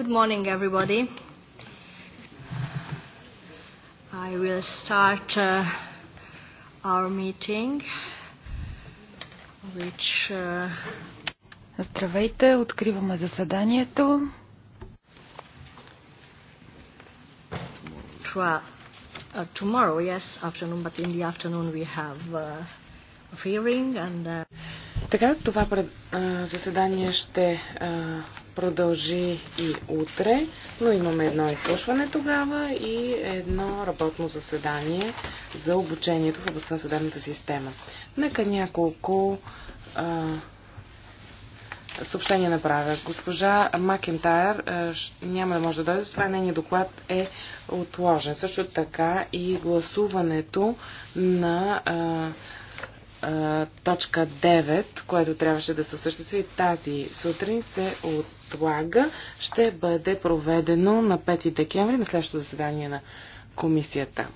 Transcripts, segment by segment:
Good morning, everybody. I will start uh, our meeting, which... Uh... Здравейте, откриваме заседанието. tomorrow, yes, afternoon, but in the afternoon we have a hearing and... Uh... Така, това пред, а, заседание ще а, продължи и утре, но имаме едно изслушване тогава и едно работно заседание за обучението в областта на съдебната система. Нека няколко а, съобщения направя. Госпожа Макентайр няма да може да дойде, това нейният доклад е отложен. Също така и гласуването на а, точка 9, което трябваше да се осъществи тази сутрин, се отлага. Ще бъде проведено на 5 декември на следващото заседание на комисията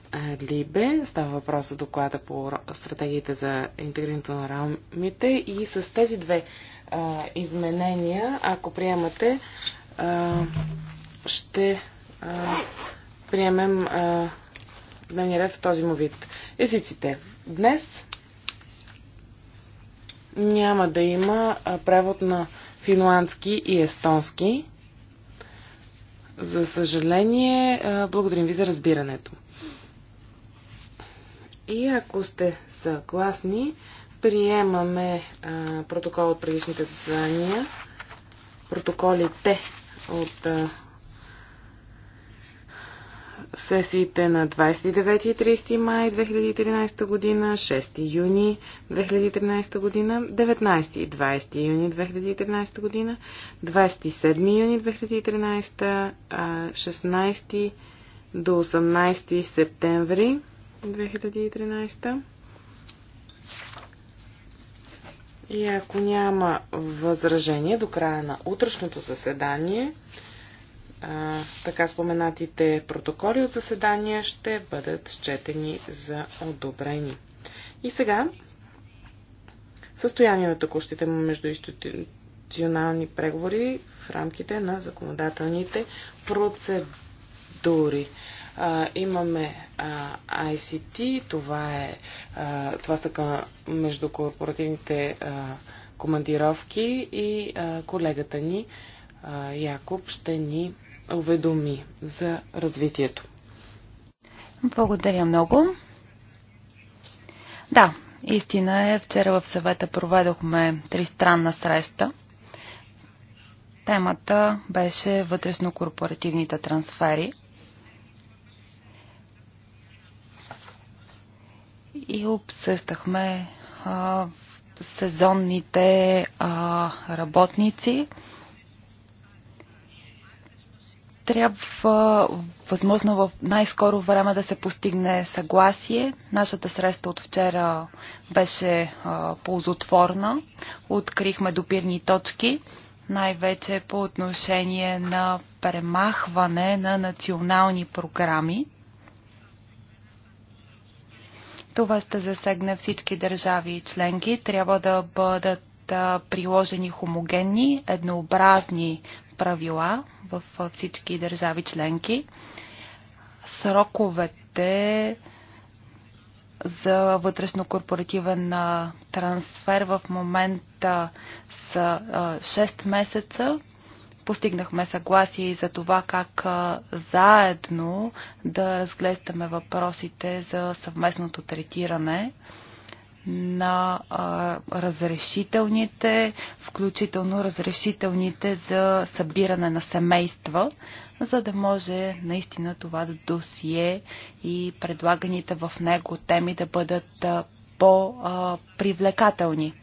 Либе. Става въпрос за доклада по стратегиите за интегрирането на рамите и с тези две а, изменения, ако приемате, а, ще а, приемем а, дневния ред в този му вид. Езиците. Днес няма да има превод на финландски и естонски. За съжаление, благодарим ви за разбирането. И ако сте съгласни, приемаме протокол от предишните заседания, протоколите от сесиите на 29 и 30 май 2013 година, 6 юни 2013 година, 19 и 20 юни 2013 година, 27 юни 2013, 16 до 18 септември 2013. И ако няма възражение до края на утрешното заседание, така споменатите протоколи от заседания ще бъдат счетени за одобрени. И сега състояние на текущите междуинституционални преговори в рамките на законодателните процедури. А, имаме а, ICT, това, е, а, това са към междукорпоративните а, командировки и а, колегата ни а, Якоб ще ни уведоми за развитието. Благодаря много. Да, истина е, вчера в съвета проведохме тристранна среща. Темата беше вътрешно-корпоративните трансфери. И обсъждахме а, сезонните а, работници трябва възможно в най-скоро време да се постигне съгласие. Нашата среща от вчера беше а, ползотворна. Открихме допирни точки, най-вече по отношение на премахване на национални програми. Това ще засегне всички държави и членки. Трябва да бъдат приложени хомогенни, еднообразни правила в всички държави членки. Сроковете за вътрешно корпоративен трансфер в момента са 6 месеца. Постигнахме съгласие и за това как заедно да разглеждаме въпросите за съвместното третиране на а, разрешителните, включително разрешителните за събиране на семейства, за да може наистина това да досие и предлаганите в него теми да бъдат по-привлекателни.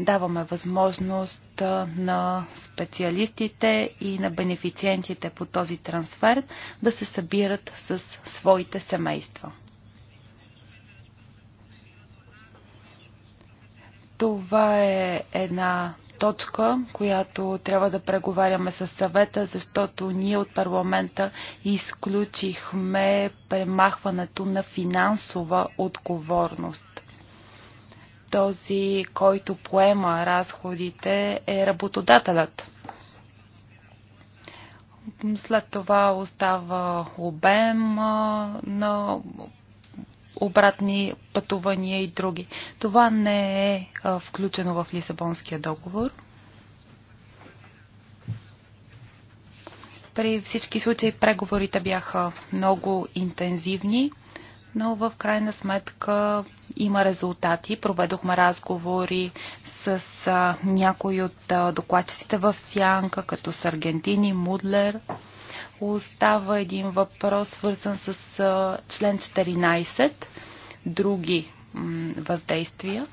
Даваме възможност на специалистите и на бенефициентите по този трансфер да се събират с своите семейства. Това е една точка, която трябва да преговаряме с съвета, защото ние от парламента изключихме премахването на финансова отговорност. Този, който поема разходите, е работодателят. След това остава обем на обратни пътувания и други. Това не е включено в Лисабонския договор. При всички случаи преговорите бяха много интензивни, но в крайна сметка има резултати. Проведохме разговори с някои от докладчиците в Сянка, като с Аргентини, Мудлер. Мудлер Остава един въпрос, свързан с член 14, други въздействия.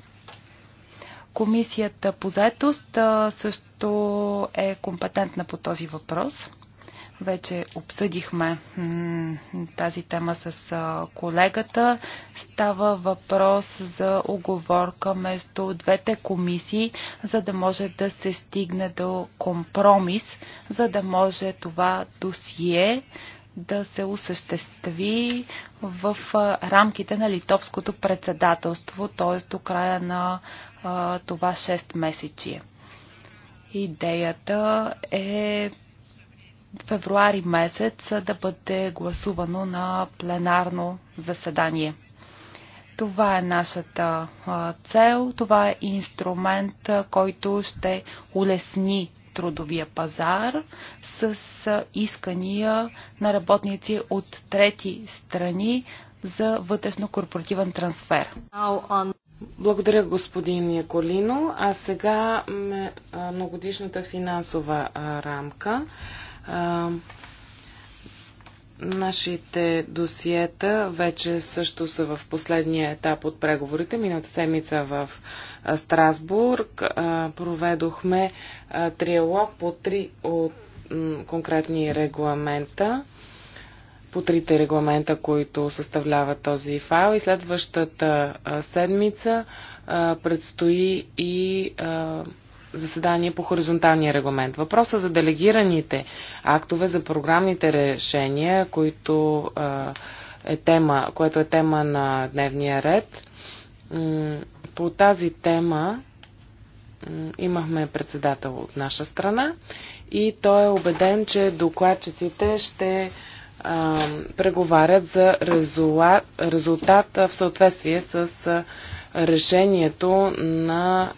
Комисията по заетост също е компетентна по този въпрос. Вече обсъдихме тази тема с колегата. Става въпрос за оговорка между двете комисии, за да може да се стигне до компромис, за да може това досие да се осъществи в рамките на литовското председателство, т.е. до края на това 6 месечи. Идеята е февруари месец да бъде гласувано на пленарно заседание. Това е нашата цел, това е инструмент, който ще улесни трудовия пазар с искания на работници от трети страни за вътрешно-корпоративен трансфер. Благодаря, господин Яколино. А сега многодишната финансова рамка нашите досиета вече също са в последния етап от преговорите. Миналата седмица в Страсбург проведохме триалог по три от, конкретни регламента по трите регламента, които съставляват този файл. И следващата седмица предстои и заседание по хоризонталния регламент. Въпроса за делегираните актове, за програмните решения, които е тема, което е тема на дневния ред. По тази тема имахме председател от наша страна и той е убеден, че докладчиците ще преговарят за резултат в съответствие с решението на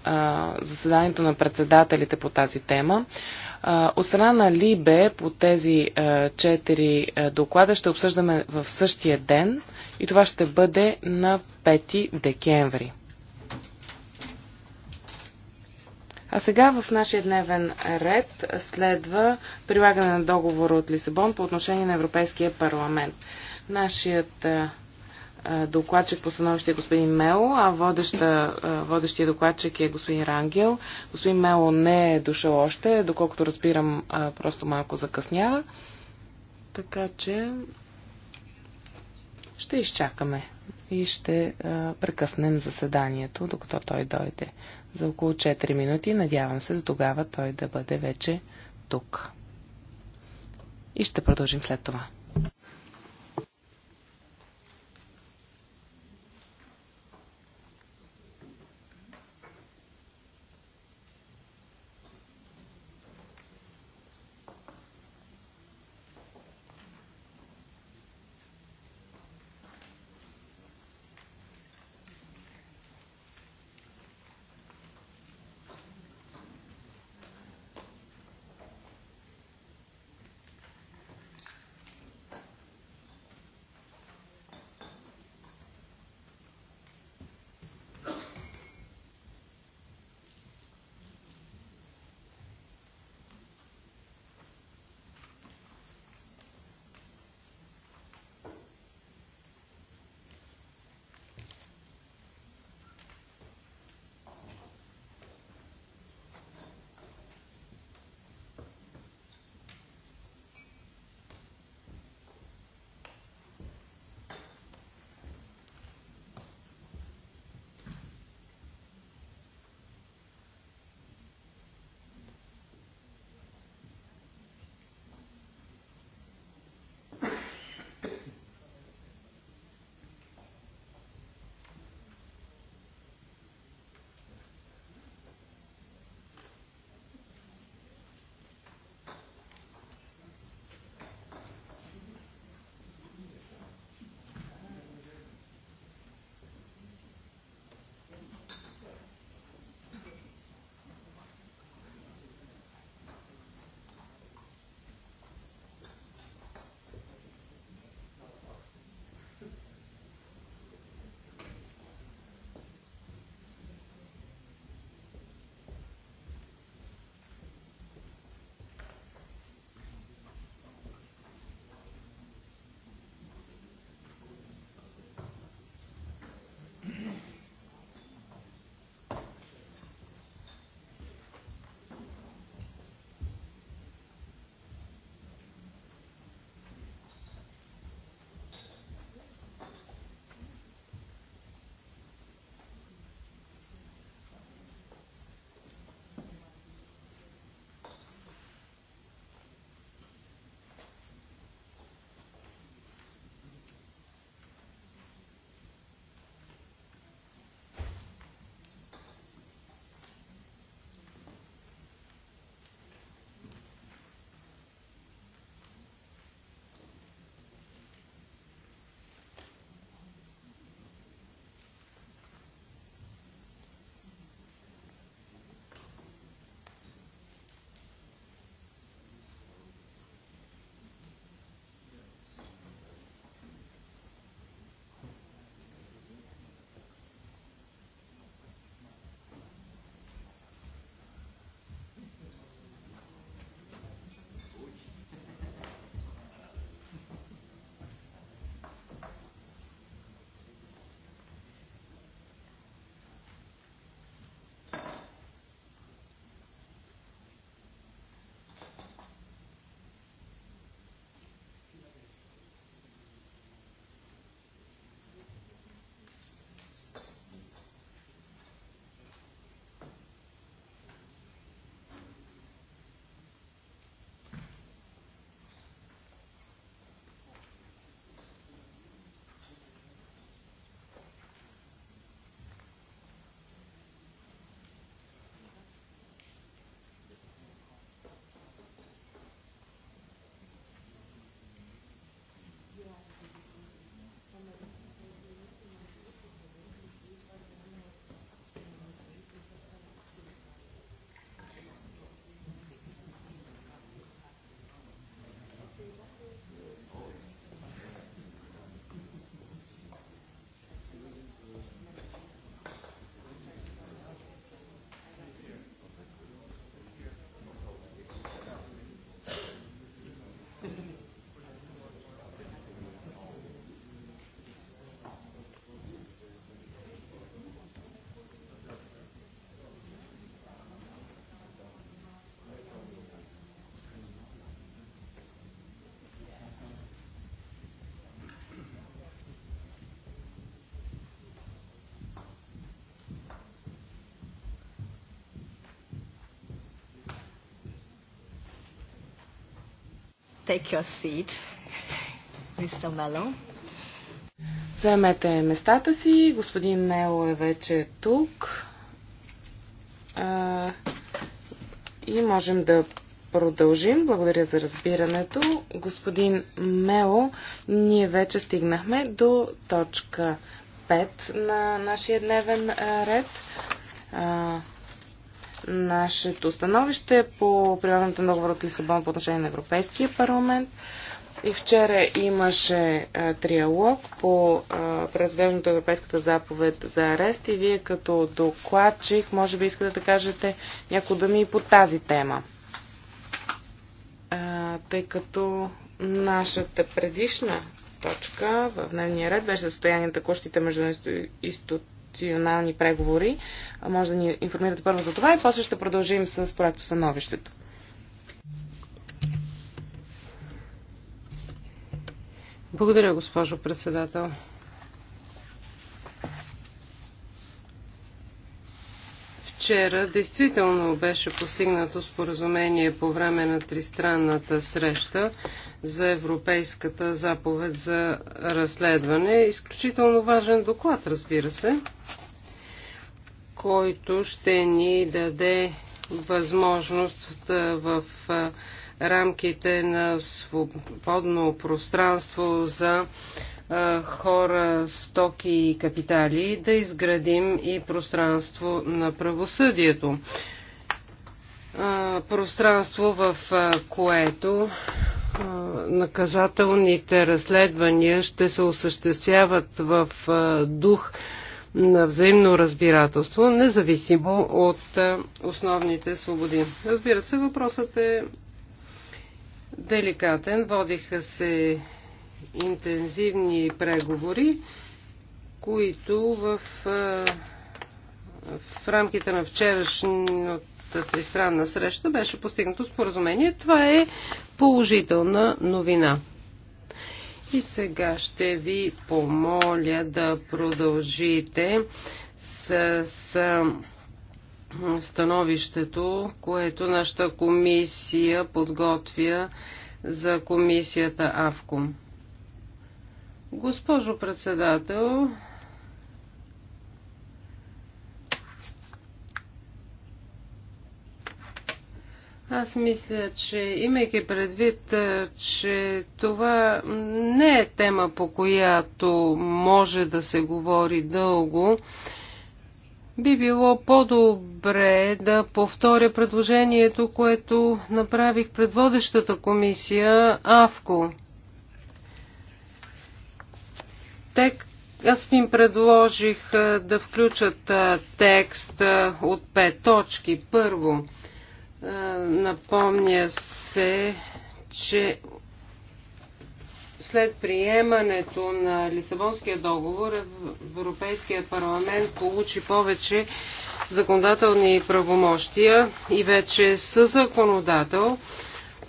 заседанието на председателите по тази тема. От страна на Либе по тези четири доклада ще обсъждаме в същия ден и това ще бъде на 5 декември. А сега в нашия дневен ред следва прилагане на договора от Лисабон по отношение на Европейския парламент. Нашият докладчик по становище е господин Мело, а водеща, водещия докладчик е господин Рангел. Господин Мело не е дошъл още, доколкото разбирам, просто малко закъснява. Така че ще изчакаме и ще а, прекъснем заседанието, докато той дойде. За около 4 минути, надявам се до тогава той да бъде вече тук. И ще продължим след това. Take your seat, Mr. Заемете местата си. Господин Мело е вече тук. А, и можем да продължим. Благодаря за разбирането. Господин Мело, ние вече стигнахме до точка 5 на нашия дневен ред. А, нашето становище по прилагането на договор от Лисабон по отношение на Европейския парламент. И вчера имаше а, триалог по преразглеждането Европейската заповед за арест и вие като докладчик може би искате да кажете някои думи и по тази тема. А, тъй като нашата предишна точка в дневния ред беше състояние на текущите междуинституционални институционални преговори. Може да ни информирате първо за това и после ще продължим с проекто становището. Благодаря, госпожо председател. Вчера действително беше постигнато споразумение по време на тристранната среща за Европейската заповед за разследване. Изключително важен доклад, разбира се, който ще ни даде възможност да в рамките на свободно пространство за хора, стоки и капитали, да изградим и пространство на правосъдието. Пространство, в което наказателните разследвания ще се осъществяват в дух на взаимно разбирателство, независимо от основните свободи. Разбира се, въпросът е деликатен. Водиха се интензивни преговори, които в, в рамките на вчерашната тристранна среща беше постигнато споразумение. Това е положителна новина. И сега ще ви помоля да продължите с, с становището, което нашата комисия подготвя за комисията АВКОМ. Госпожо председател, Аз мисля, че имайки предвид, че това не е тема, по която може да се говори дълго, би било по-добре да повторя предложението, което направих пред водещата комисия АВКО. тек, аз им предложих да включат текст от пет точки. Първо, напомня се, че след приемането на Лисабонския договор Европейския парламент получи повече законодателни правомощия и вече е със законодател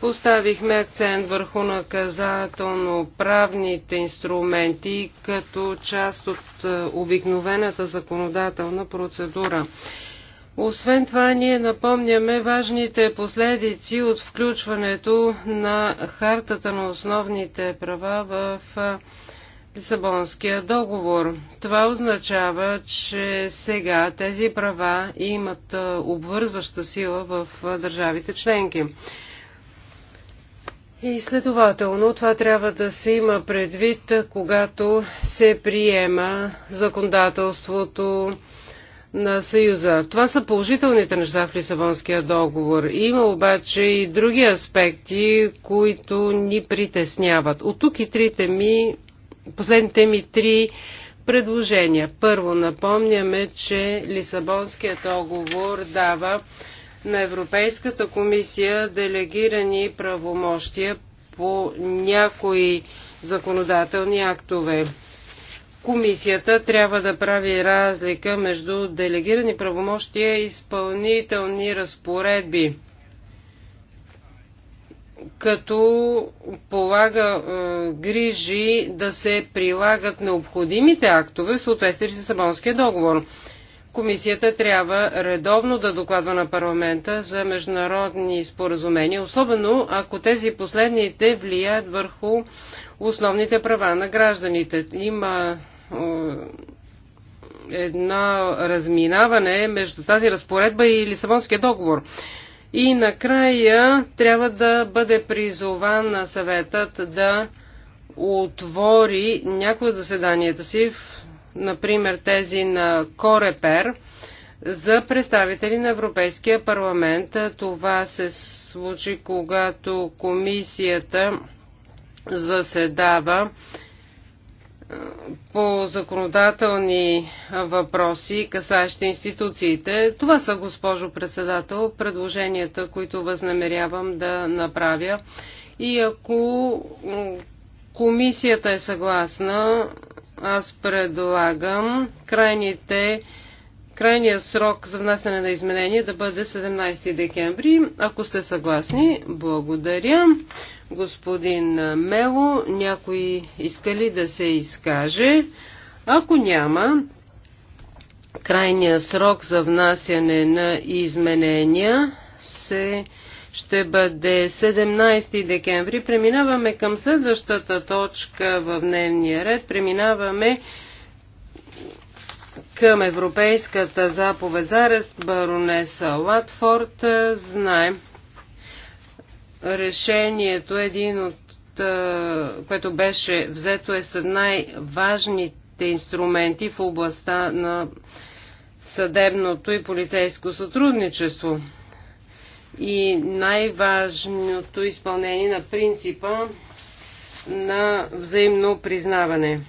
Поставихме акцент върху наказателно-правните инструменти като част от е, обикновената законодателна процедура. Освен това, ние напомняме важните последици от включването на Хартата на основните права в е, Лисабонския договор. Това означава, че сега тези права имат е, обвързваща сила в държавите членки. И следователно това трябва да се има предвид, когато се приема законодателството на Съюза. Това са положителните неща в Лисабонския договор. Има обаче и други аспекти, които ни притесняват. От тук и трите ми, последните ми три предложения. Първо напомняме, че Лисабонският договор дава на Европейската комисия делегирани правомощия по някои законодателни актове. Комисията трябва да прави разлика между делегирани правомощия и изпълнителни разпоредби, като полага е, грижи да се прилагат необходимите актове в съответствие с Сабонския договор. Комисията трябва редовно да докладва на парламента за международни споразумения, особено ако тези последните влияят върху основните права на гражданите. Има едно разминаване между тази разпоредба и Лисабонския договор. И накрая трябва да бъде призован на съветът да отвори някои от заседанията си в например тези на Корепер, за представители на Европейския парламент. Това се случи, когато комисията заседава по законодателни въпроси, касащи институциите. Това са, госпожо председател, предложенията, които възнамерявам да направя. И ако комисията е съгласна, аз предлагам крайните, крайния срок за внасяне на изменения да бъде 17 декември. Ако сте съгласни, благодаря. Господин Мело, някой иска ли да се изкаже? Ако няма, крайния срок за внасяне на изменения се ще бъде 17 декември. Преминаваме към следващата точка в дневния ред. Преминаваме към Европейската заповед за арест баронеса Латфорд. Знаем, решението е един от което беше взето е с най-важните инструменти в областта на съдебното и полицейско сътрудничество и най-важното изпълнение на принципа на взаимно признаване.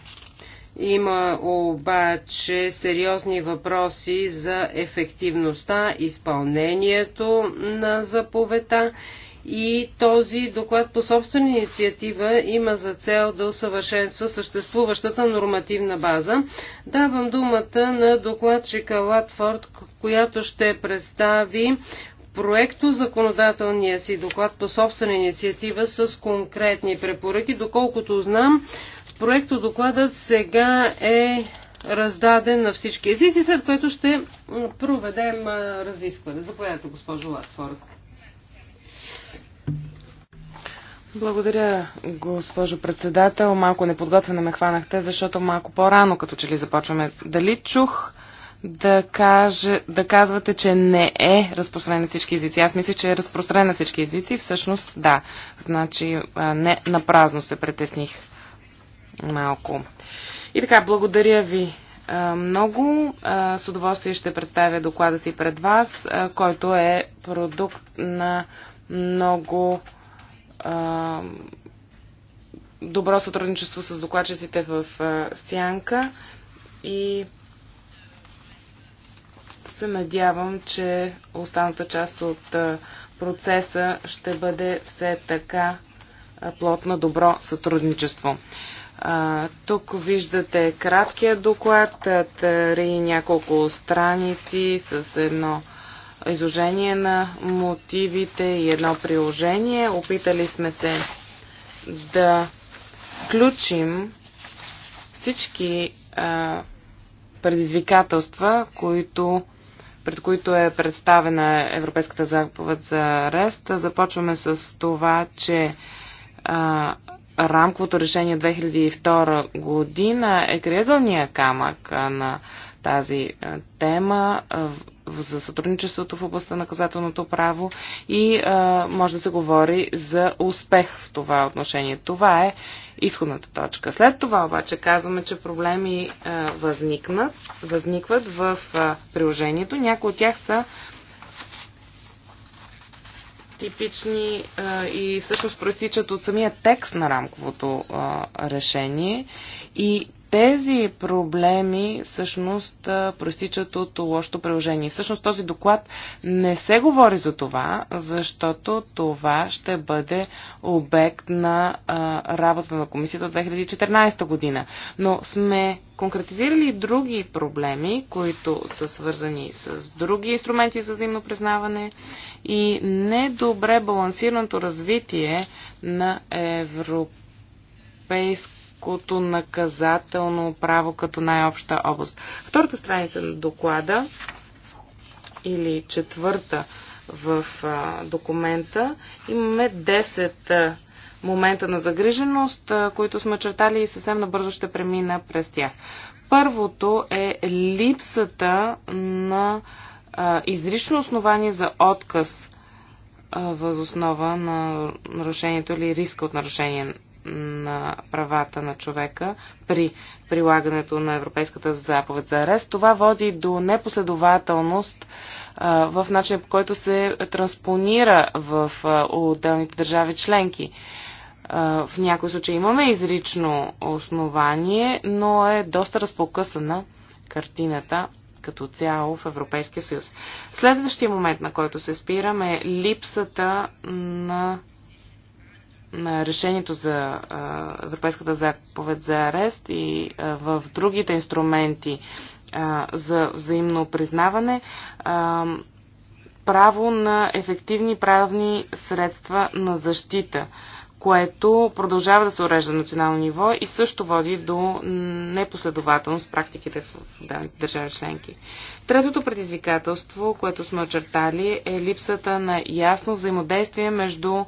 Има обаче сериозни въпроси за ефективността, изпълнението на заповедта и този доклад по собствена инициатива има за цел да усъвършенства съществуващата нормативна база. Давам думата на докладчика Латфорд, която ще представи проекто законодателния си доклад по собствена инициатива с конкретни препоръки. Доколкото знам, проекто докладът сега е раздаден на всички езици, след което ще проведем разискване. Заповядайте, госпожо Латфорд. Благодаря, госпожо председател. Малко неподготвена ме хванахте, защото малко по-рано, като че ли започваме. Дали чух да, каже, да казвате, че не е разпространен на всички езици. Аз мисля, че е разпространен на всички езици. Всъщност, да. Значи, не на празно се притесних малко. И така, благодаря ви много. С удоволствие ще представя доклада си пред вас, който е продукт на много добро сътрудничество с докладчиците в Сянка и се надявам, че останата част от процеса ще бъде все така плотно, добро сътрудничество. Тук виждате краткия доклад, три няколко страници с едно изложение на мотивите и едно приложение. Опитали сме се да включим всички предизвикателства, които пред които е представена Европейската заповед за арест. Започваме с това, че а, рамковото решение 2002 година е крайъгълния камък на тази тема за сътрудничеството в областта на наказателното право и може да се говори за успех в това отношение. Това е изходната точка. След това обаче казваме, че проблеми възникнат, възникват в приложението. Някои от тях са типични а, и всъщност проистичат от самия текст на рамковото а, решение и тези проблеми всъщност проистичат от лошото приложение. Всъщност този доклад не се говори за това, защото това ще бъде обект на а, работа на комисията от 2014 година. Но сме конкретизирали други проблеми, които са свързани с други инструменти за взаимно признаване и недобре балансираното развитие на европейско българското наказателно право като най-обща област. Втората страница на доклада или четвърта в а, документа имаме 10 момента на загриженост, а, които сме чертали и съвсем набързо ще премина през тях. Първото е липсата на а, изрично основание за отказ възоснова на нарушението или риска от нарушение на правата на човека при прилагането на Европейската заповед за арест. Това води до непоследователност а, в начина по който се транспонира в а, отделните държави членки. в някои случаи имаме изрично основание, но е доста разпокъсана картината като цяло в Европейския съюз. Следващия момент, на който се спираме е липсата на на решението за Европейската заповед за арест и в другите инструменти за взаимно признаване право на ефективни правни средства на защита което продължава да се урежда на национално ниво и също води до непоследователност в практиките в даните държави членки. Третото предизвикателство, което сме очертали, е липсата на ясно взаимодействие между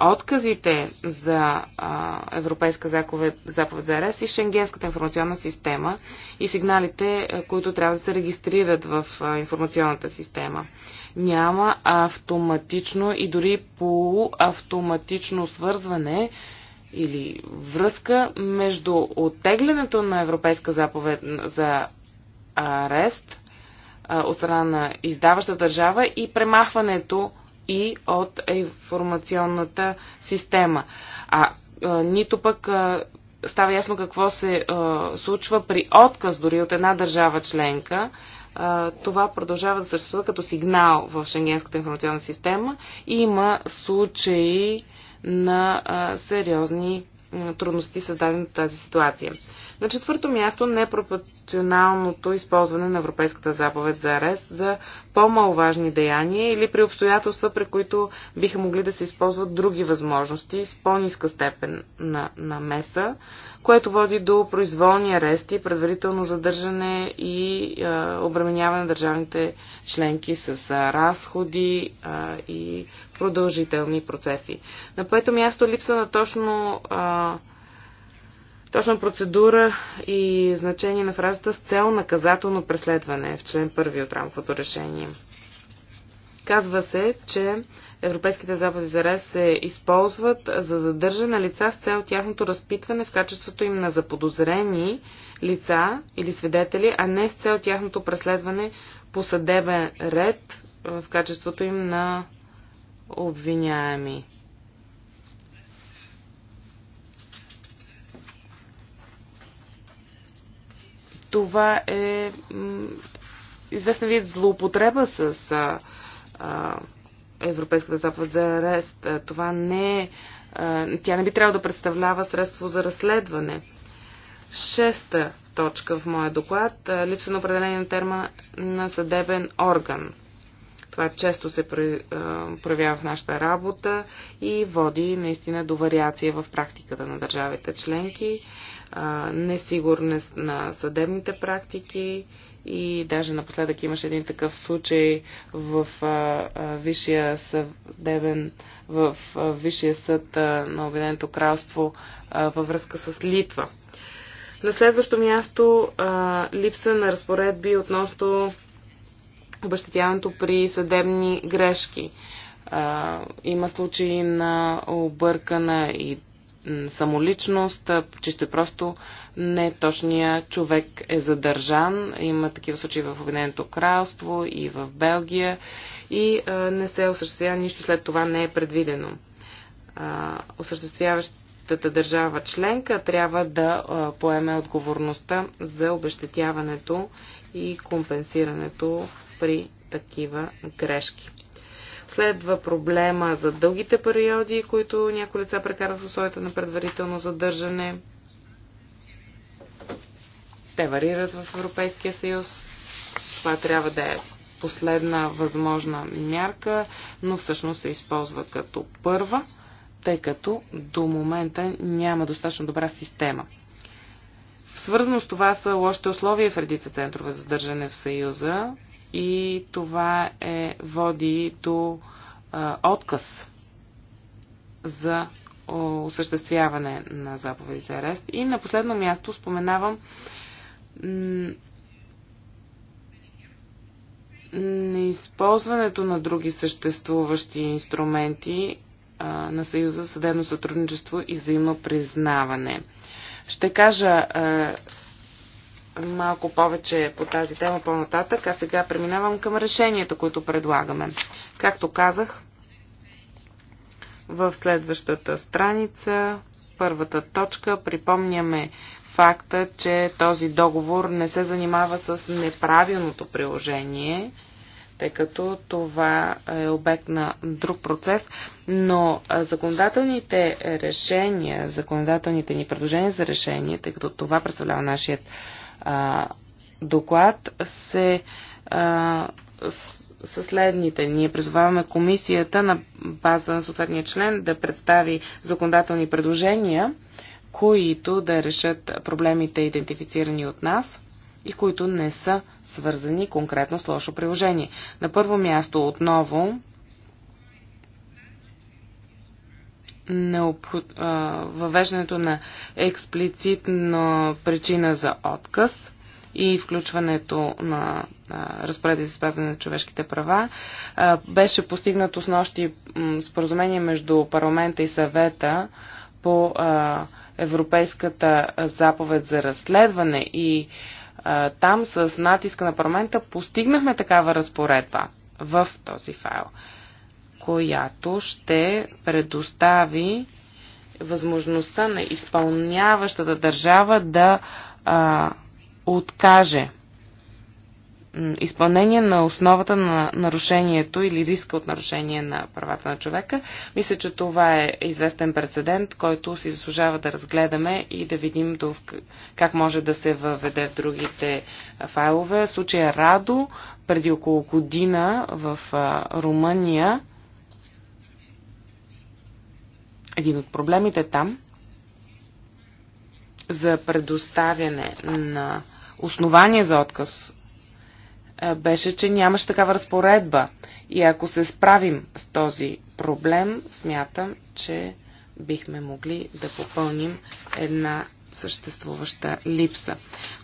отказите за а, Европейска заповед, заповед за арест и Шенгенската информационна система и сигналите, които трябва да се регистрират в а, информационната система няма автоматично и дори полуавтоматично свързване или връзка между оттеглянето на Европейска заповед за арест от страна на издаваща държава и премахването и от информационната система. А, а нито пък а, става ясно какво се а, случва при отказ дори от една държава членка това продължава да съществува като сигнал в Шенгенската информационна система и има случаи на сериозни трудности, създадени от тази ситуация. На четвърто място непропорционалното използване на Европейската заповед за арест за по-маловажни деяния или при обстоятелства, при които биха могли да се използват други възможности с по-ниска степен на, на меса, което води до произволни арести, предварително задържане и е, обременяване на държавните членки с е, разходи е, и продължителни процеси. На пето място липса на точно е, Точна процедура и значение на фразата с цел наказателно преследване в член 1 от рамковото решение. Казва се, че европейските заповеди за арест се използват за задържане лица с цел тяхното разпитване в качеството им на заподозрени лица или свидетели, а не с цел тяхното преследване по съдебен ред в качеството им на обвиняеми. това е известен вид злоупотреба с а, а, Европейската заповед за арест. Това не е. Тя не би трябвало да представлява средство за разследване. Шеста точка в моя доклад. Липса на определение на терма на съдебен орган. Това често се проявява в нашата работа и води наистина до вариация в практиката на държавите членки, несигурност на съдебните практики и даже напоследък имаше един такъв случай в Висшия съдебен, в Висшия съд на Обединеното кралство във връзка с Литва. На следващо място липса на разпоредби относно обещетяването при съдебни грешки. Има случаи на объркана и самоличност, чисто и просто не точния човек е задържан. Има такива случаи в Обединеното кралство и в Белгия и а, не се осъществява нищо след това не е предвидено. А, осъществяващата държава членка трябва да а, поеме отговорността за обещетяването и компенсирането при такива грешки. Следва проблема за дългите периоди, които някои лица прекарат в условията на предварително задържане. Те варират в Европейския съюз. Това трябва да е последна възможна мярка, но всъщност се използва като първа, тъй като до момента няма достатъчно добра система. Свързано с това са лошите условия в редица центрове за задържане в Съюза и това е, води до а, отказ за осъществяване на заповеди за арест. И на последно място споменавам неизползването на други съществуващи инструменти а, на Съюза съдебно сътрудничество и взаимно признаване. Ще кажа е, малко повече по тази тема по-нататък, а сега преминавам към решенията, които предлагаме. Както казах, в следващата страница, първата точка, припомняме факта, че този договор не се занимава с неправилното приложение – тъй като това е обект на друг процес, но законодателните решения, законодателните ни предложения за решение, тъй като това представлява нашият а, доклад, се а, с, с следните. Ние призоваваме комисията на база на съответния член да представи законодателни предложения, които да решат проблемите, идентифицирани от нас – и които не са свързани конкретно с лошо приложение. На първо място отново въвеждането на експлицитна причина за отказ и включването на разпореди за спазване на човешките права. беше постигнато с нощи споразумение между парламента и съвета по Европейската заповед за разследване и там с натиска на парламента постигнахме такава разпоредба в този файл, която ще предостави възможността на изпълняващата държава да а, откаже изпълнение на основата на нарушението или риска от нарушение на правата на човека. Мисля, че това е известен прецедент, който си заслужава да разгледаме и да видим как може да се въведе в другите файлове. Случая Радо преди около година в Румъния един от проблемите там за предоставяне на основание за отказ беше, че нямаше такава разпоредба. И ако се справим с този проблем, смятам, че бихме могли да попълним една съществуваща липса.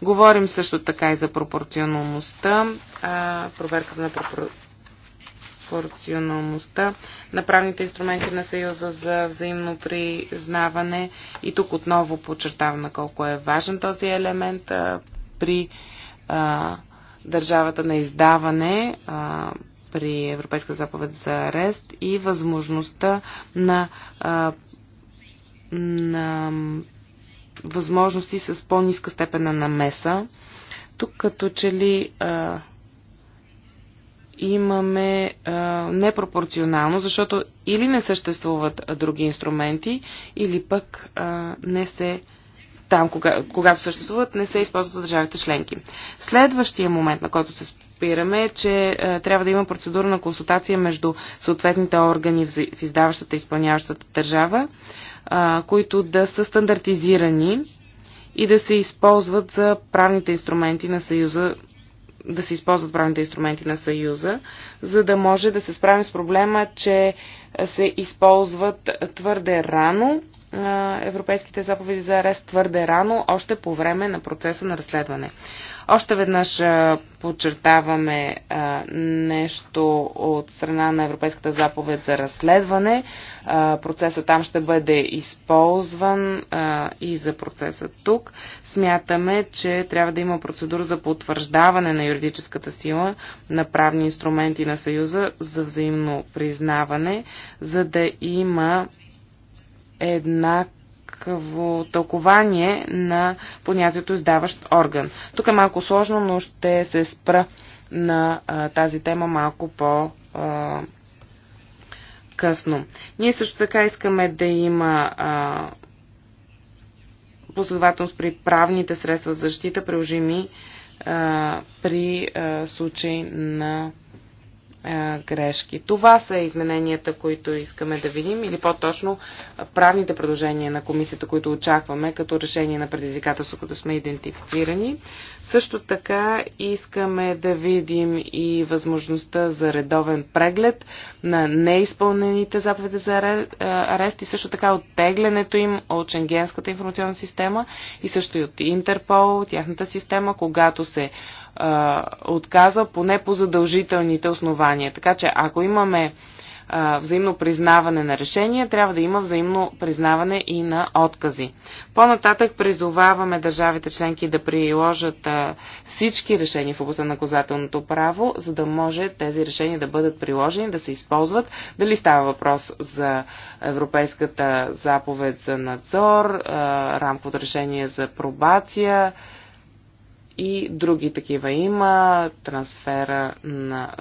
Говорим също така и за пропорционалността, а, на пропорционалността на правните инструменти на Съюза за взаимно признаване. И тук отново подчертаваме колко е важен този елемент а, при а, държавата на издаване а, при Европейска заповед за арест и възможността на, а, на възможности с по низка степен на намеса. Тук като че ли а, имаме а, непропорционално, защото или не съществуват други инструменти, или пък а, не се там, кога, когато съществуват, не се използват от държавите членки. Следващия момент, на който се спираме, е, че е, трябва да има процедура на консултация между съответните органи в, издаващата и изпълняващата държава, е, които да са стандартизирани и да се използват за правните инструменти на Съюза да се използват правните инструменти на Съюза, за да може да се справим с проблема, че се използват твърде рано европейските заповеди за арест твърде рано, още по време на процеса на разследване. Още веднъж подчертаваме нещо от страна на Европейската заповед за разследване. Процесът там ще бъде използван и за процеса тук. Смятаме, че трябва да има процедура за потвърждаване на юридическата сила на правни инструменти на Съюза за взаимно признаване, за да има еднакво тълкование на понятието издаващ орган. Тук е малко сложно, но ще се спра на а, тази тема малко по- а, късно. Ние също така искаме да има а, последователност при правните средства за защита, приложими а, при а, случай на грешки. Това са измененията, които искаме да видим или по-точно правните предложения на комисията, които очакваме като решение на предизвикателството, като сме идентифицирани. Също така искаме да видим и възможността за редовен преглед на неизпълнените заповеди за арест и също така оттеглянето им от Шенгенската информационна система и също и от Интерпол, тяхната система, когато се отказа, поне по задължителните основания. Така че ако имаме взаимно признаване на решения, трябва да има взаимно признаване и на откази. По-нататък призоваваме държавите членки да приложат всички решения в областта на наказателното право, за да може тези решения да бъдат приложени, да се използват. Дали става въпрос за Европейската заповед за надзор, рамковото решение за пробация, и други такива. Има трансфера на,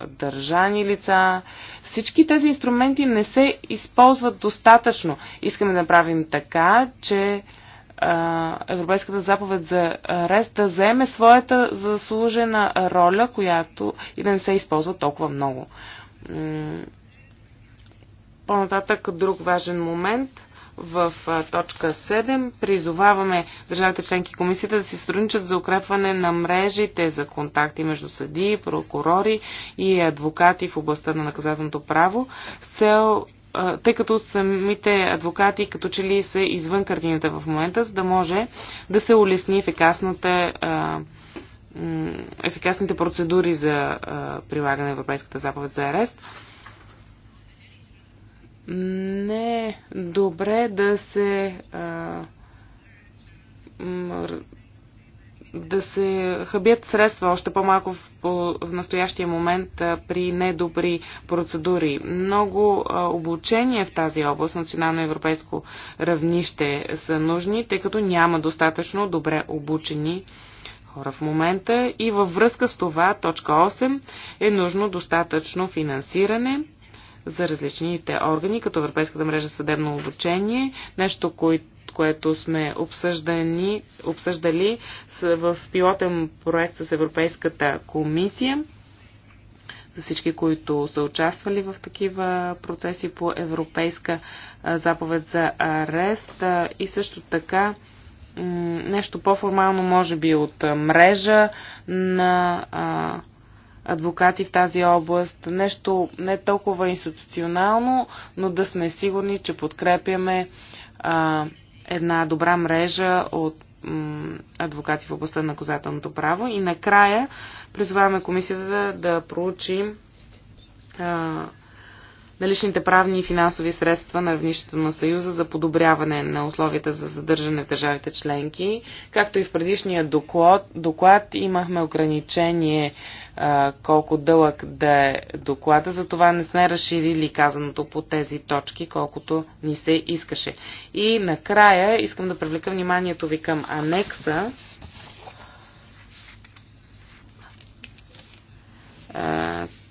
задържани лица. Всички тези инструменти не се използват достатъчно. Искаме да направим така, че Европейската заповед за арест да заеме своята заслужена роля, която и да не се използва толкова много. По-нататък друг важен момент в точка 7 призоваваме държавите членки и комисията да си сътрудничат за укрепване на мрежите за контакти между съдии, прокурори и адвокати в областта на наказателното право с цел тъй като самите адвокати като че ли са извън картината в момента, за да може да се улесни ефикасната ефикасните процедури за прилагане на Европейската заповед за арест не е добре да се а, да се хабят средства още по-малко в, по, в настоящия момент а, при недобри процедури. Много а, обучение в тази област, национално европейско равнище са нужни, тъй като няма достатъчно добре обучени хора в момента и във връзка с това, точка 8, е нужно достатъчно финансиране за различните органи, като Европейската мрежа съдебно обучение, нещо, което което сме обсъждани, обсъждали в пилотен проект с Европейската комисия за всички, които са участвали в такива процеси по европейска заповед за арест и също така нещо по-формално може би от мрежа на адвокати в тази област, нещо не толкова институционално, но да сме сигурни, че подкрепяме а, една добра мрежа от адвокати в областта на наказателното право. И накрая призваваме комисията да, да проучим наличните правни и финансови средства на равнището на Съюза за подобряване на условията за задържане в държавите членки. Както и в предишния доклад, доклад имахме ограничение а, колко дълъг да е доклада, затова не сме разширили казаното по тези точки, колкото ни се искаше. И накрая искам да привлека вниманието ви към анекса.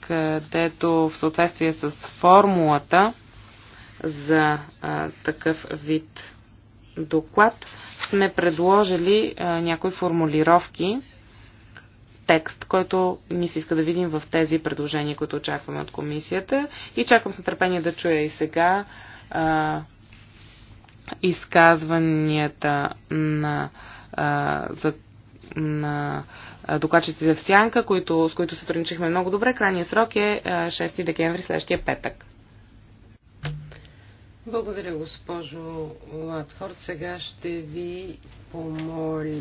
където в съответствие с формулата за а, такъв вид доклад сме предложили а, някои формулировки текст, който ми се иска да видим в тези предложения, които очакваме от комисията. И чакам с нетърпение да чуя и сега а, изказванията на, а, за, на докладчиците в Сянка, които, с които сътрудничихме много добре. Крайният срок е 6 декември следващия петък. Благодаря, госпожо Латфорд. Сега ще ви помоля,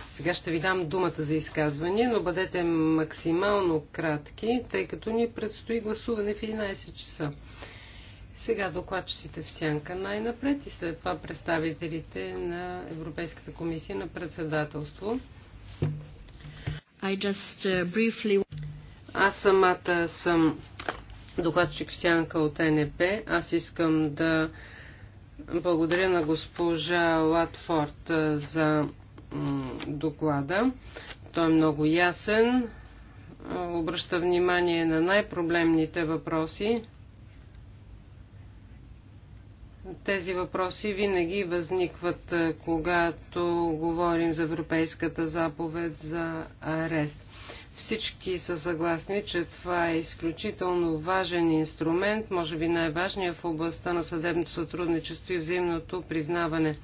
сега ще ви дам думата за изказване, но бъдете максимално кратки, тъй като ни предстои гласуване в 11 часа. Сега докладчиците в сянка най-напред и след това представителите на Европейската комисия на председателство. I just, uh, briefly... Аз самата съм докладчик в сянка от НП. Аз искам да благодаря на госпожа Латфорд за доклада. Той е много ясен, обръща внимание на най-проблемните въпроси. Тези въпроси винаги възникват, когато говорим за Европейската заповед за арест. Всички са съгласни, че това е изключително важен инструмент, може би най-важният в областта на съдебното сътрудничество и взаимното признаване.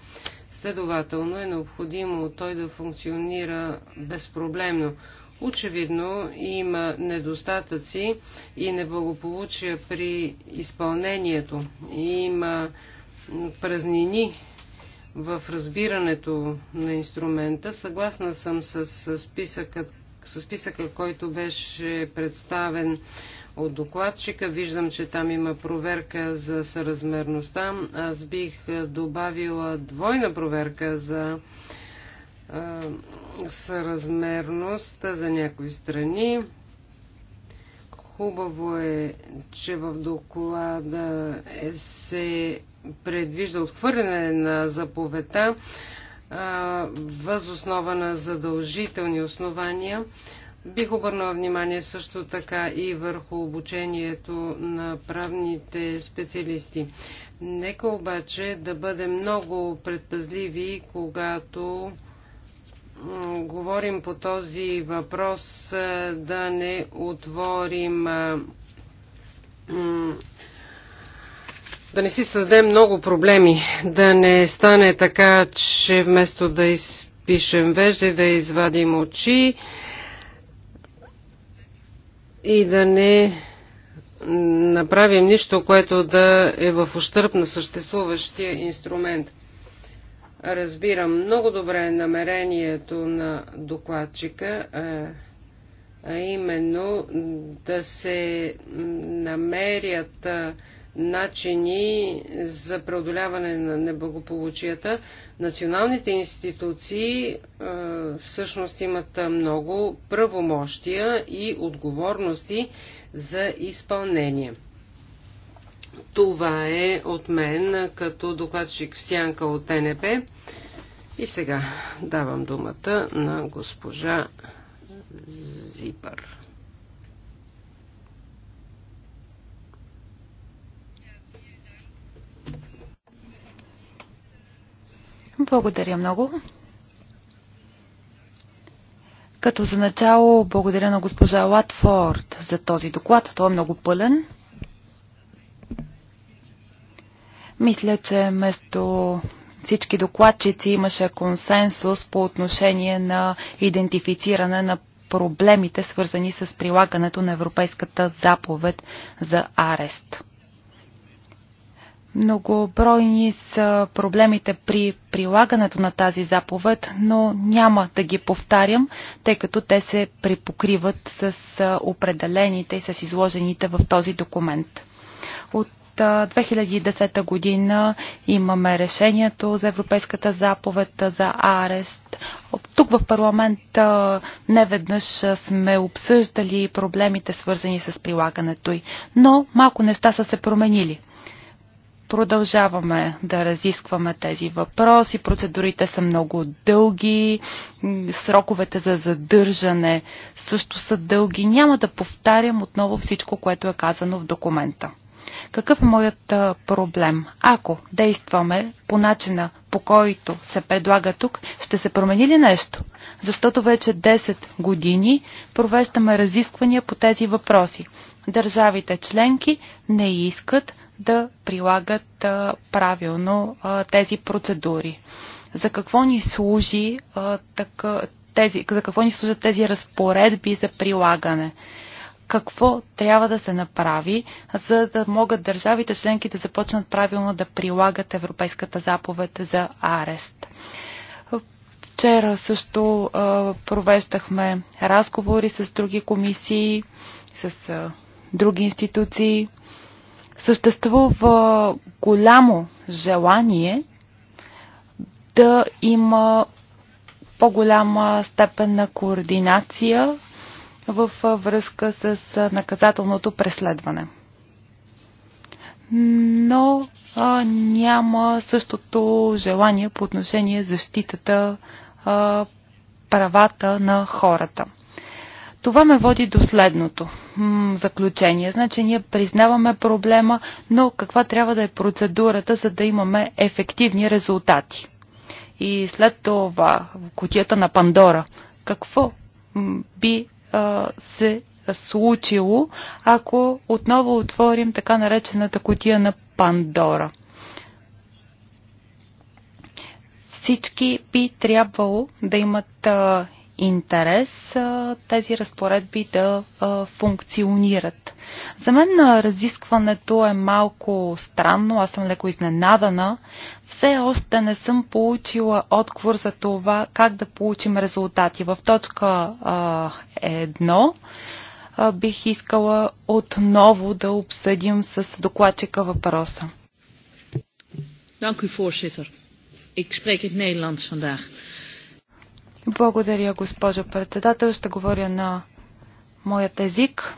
Следователно е необходимо той да функционира безпроблемно. Очевидно има недостатъци и неблагополучия при изпълнението. Има празнини в разбирането на инструмента. Съгласна съм с списъка, с списъка който беше представен от докладчика. Виждам, че там има проверка за съразмерността. Аз бих добавила двойна проверка за а, за някои страни. Хубаво е, че в доклада е се предвижда отхвърляне на заповедта възоснова на задължителни основания. Бих обърнала внимание също така и върху обучението на правните специалисти. Нека обаче да бъдем много предпазливи, когато говорим по този въпрос, да не отворим да не си създадем много проблеми, да не стане така, че вместо да изпишем вежди, да извадим очи, и да не направим нищо, което да е в ущърп на съществуващия инструмент. Разбирам много добре намерението на докладчика, а именно да се намерят начини за преодоляване на неблагополучията, националните институции е, всъщност имат много правомощия и отговорности за изпълнение. Това е от мен като докладчик в Сянка от НП. И сега давам думата на госпожа Зипър. Благодаря много. Като за начало благодаря на госпожа Латфорд за този доклад. Той е много пълен. Мисля, че вместо всички докладчици имаше консенсус по отношение на идентифициране на проблемите, свързани с прилагането на Европейската заповед за арест. Многобройни са проблемите при прилагането на тази заповед, но няма да ги повтарям, тъй като те се припокриват с определените и с изложените в този документ. От 2010 година имаме решението за Европейската заповед за арест. Тук в парламент неведнъж сме обсъждали проблемите свързани с прилагането й, но малко неща са се променили – Продължаваме да разискваме тези въпроси. Процедурите са много дълги. Сроковете за задържане също са дълги. Няма да повтарям отново всичко, което е казано в документа. Какъв е моят проблем? Ако действаме по начина, по който се предлага тук, ще се промени ли нещо? Защото вече 10 години провеждаме разисквания по тези въпроси. Държавите членки не искат да прилагат а, правилно а, тези процедури. За какво ни служи а, така, тези, за какво ни служат тези разпоредби за прилагане? какво трябва да се направи, за да могат държавите членки да започнат правилно да прилагат Европейската заповед за арест. Вчера също а, провеждахме разговори с други комисии, с а, други институции. Съществува голямо желание да има по-голяма степен на координация в връзка с наказателното преследване. Но а, няма същото желание по отношение защитата а, правата на хората. Това ме води до следното м- заключение. Значи ние признаваме проблема, но каква трябва да е процедурата, за да имаме ефективни резултати? И след това, в кутията на Пандора, какво би а, се случило, ако отново отворим така наречената котия на Пандора. Всички би трябвало да имат а, интерес тези разпоредби да функционират. За мен разискването е малко странно, аз съм леко изненадана. Все още не съм получила отговор за това как да получим резултати. В точка 1 бих искала отново да обсъдим с докладчика въпроса. Dank u voorzitter. Ik spreek in het Nederlands vandaag. Благодаря, госпожо председател. Ще говоря на моят език.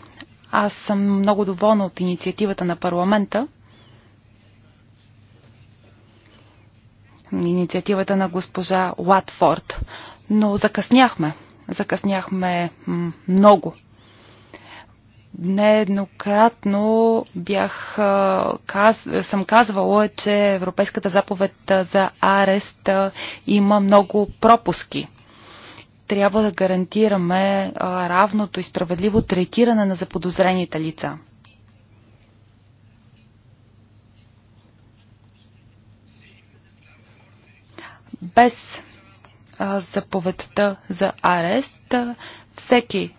Аз съм много доволна от инициативата на парламента. Инициативата на госпожа Латфорд. Но закъсняхме. Закъсняхме много. Нееднократно бях, каз, съм казвала, че Европейската заповед за арест има много пропуски трябва да гарантираме равното и справедливо третиране на заподозрените лица. Без заповедта за арест, всеки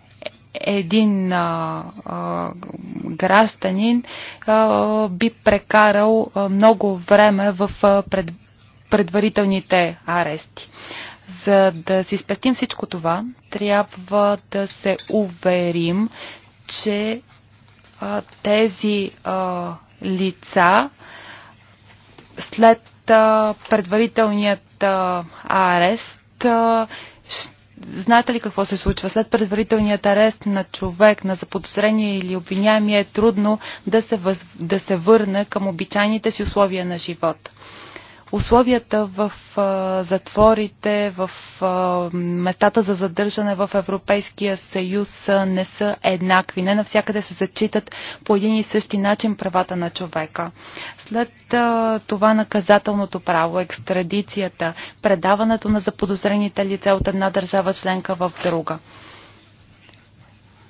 един а, а, гражданин а, би прекарал а, много време в а, пред, предварителните арести. За да си спестим всичко това, трябва да се уверим, че а, тези а, лица след а, предварителният а, арест а, Знаете ли какво се случва? След предварителният арест на човек, на заподозрение или обвиняемия е трудно да се, въз... да се върне към обичайните си условия на живот условията в затворите, в местата за задържане в Европейския съюз не са еднакви. Не навсякъде се зачитат по един и същи начин правата на човека. След това наказателното право, екстрадицията, предаването на заподозрените лица от една държава членка в друга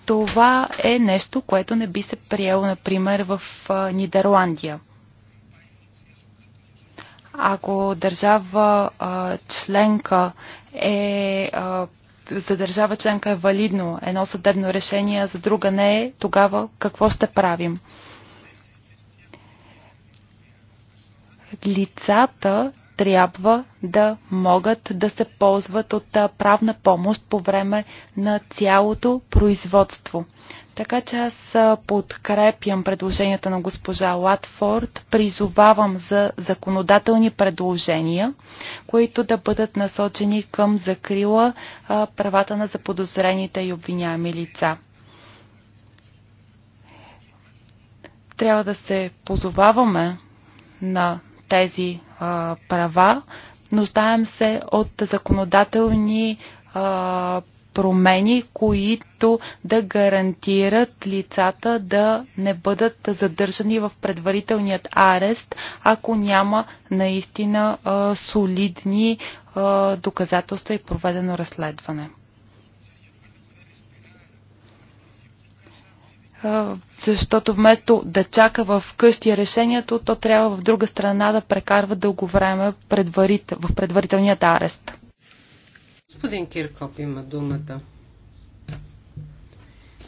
това е нещо, което не би се приело, например, в Нидерландия. Ако държава а, членка е а, за държава членка е валидно едно съдебно решение, за друга не е, тогава какво ще правим? Лицата трябва да могат да се ползват от правна помощ по време на цялото производство. Така че аз подкрепям предложенията на госпожа Латфорд, призовавам за законодателни предложения, които да бъдат насочени към закрила правата на заподозрените и обвиняеми лица. Трябва да се позоваваме на тези а, права, нуждаем се от законодателни а, промени, които да гарантират лицата да не бъдат задържани в предварителният арест, ако няма наистина а, солидни а, доказателства и проведено разследване. защото вместо да чака в къщи решението, то трябва в друга страна да прекарва дълго време в предварителният арест. Господин Киркоп има думата.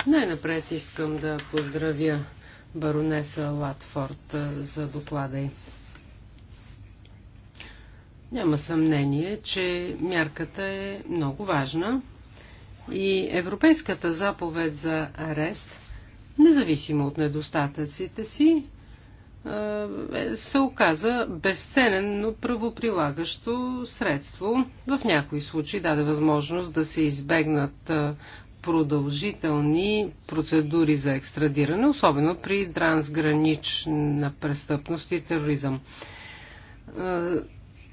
Най-напред искам да поздравя баронеса Латфорд за доклада й. Няма съмнение, че мярката е много важна и Европейската заповед за арест, независимо от недостатъците си, е, се оказа безценен, но правоприлагащо средство. В някои случаи даде възможност да се избегнат е, продължителни процедури за екстрадиране, особено при трансгранична престъпност и тероризъм. Е,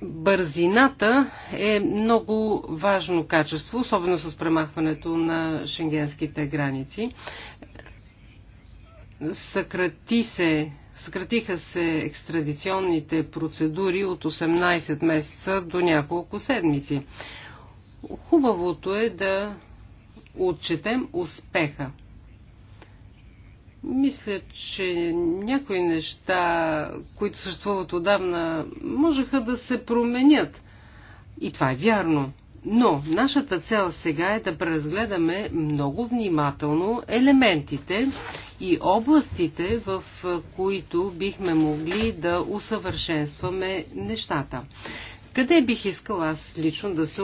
бързината е много важно качество, особено с премахването на шенгенските граници. Съкрати се Съкратиха се екстрадиционните процедури от 18 месеца до няколко седмици. Хубавото е да отчетем успеха. Мисля, че някои неща, които съществуват отдавна, можеха да се променят. И това е вярно. Но нашата цел сега е да преразгледаме много внимателно елементите, и областите, в които бихме могли да усъвършенстваме нещата. Къде бих искал аз лично да се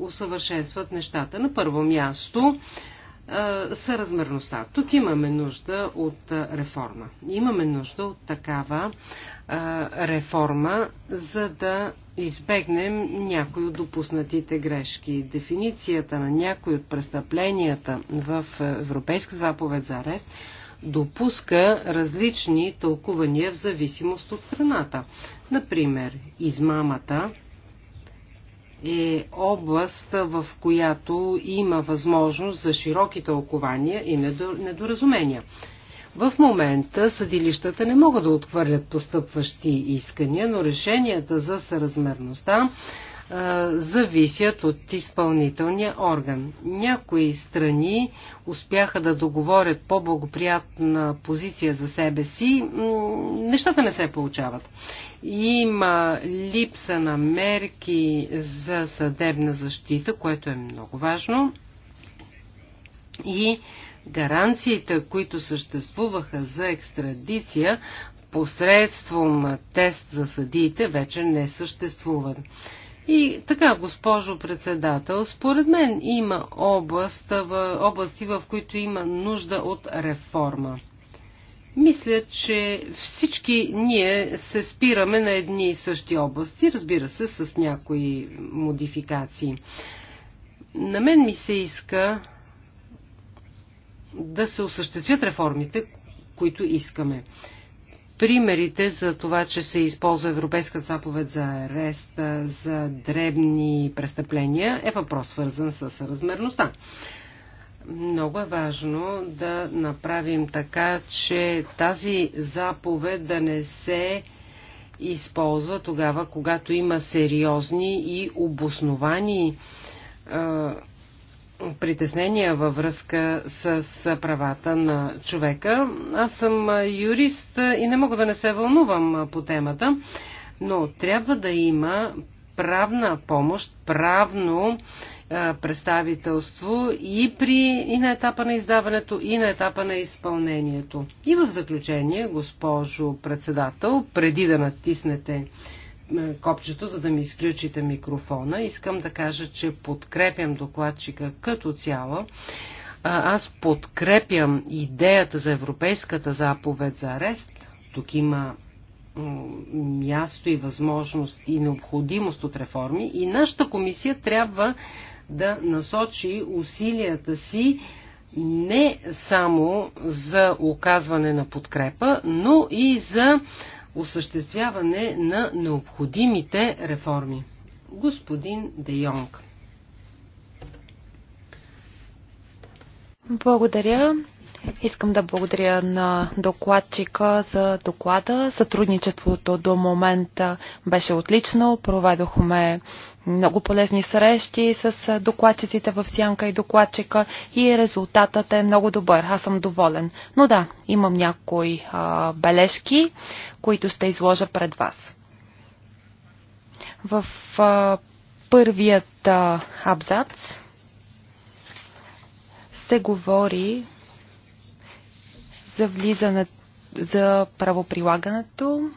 усъвършенстват нещата? На първо място съразмерността. Тук имаме нужда от реформа. Имаме нужда от такава реформа, за да избегнем някои от допуснатите грешки. Дефиницията на някои от престъпленията в Европейска заповед за арест допуска различни тълкувания в зависимост от страната. Например, измамата е област, в която има възможност за широки тълкования и недоразумения. В момента съдилищата не могат да отхвърлят постъпващи искания, но решенията за съразмерността зависят от изпълнителния орган. Някои страни успяха да договорят по-благоприятна позиция за себе си, нещата не се получават. Има липса на мерки за съдебна защита, което е много важно. И гаранциите, които съществуваха за екстрадиция, посредством тест за съдиите вече не съществуват. И така, госпожо председател, според мен има област, в, области, в които има нужда от реформа. Мисля, че всички ние се спираме на едни и същи области, разбира се, с някои модификации. На мен ми се иска да се осъществят реформите, които искаме. Примерите за това, че се използва Европейска заповед за арест за дребни престъпления е въпрос свързан с размерността. Много е важно да направим така, че тази заповед да не се използва тогава, когато има сериозни и обосновани е, притеснения във връзка с правата на човека. Аз съм юрист и не мога да не се вълнувам по темата, но трябва да има правна помощ, правно представителство и, при, и на етапа на издаването, и на етапа на изпълнението. И в заключение, госпожо председател, преди да натиснете копчето, за да ми изключите микрофона, искам да кажа, че подкрепям докладчика като цяло. Аз подкрепям идеята за Европейската заповед за арест. Тук има място и възможност и необходимост от реформи и нашата комисия трябва да насочи усилията си не само за оказване на подкрепа, но и за осъществяване на необходимите реформи. Господин Де Йонг. Благодаря. Искам да благодаря на докладчика за доклада. Сътрудничеството до момента беше отлично. Проведохме много полезни срещи с докладчиците в Сянка и докладчика и резултатът е много добър. Аз съм доволен. Но да, имам някои а, бележки, които ще изложа пред вас. В а, първият а, абзац се говори за влизане за правоприлагането.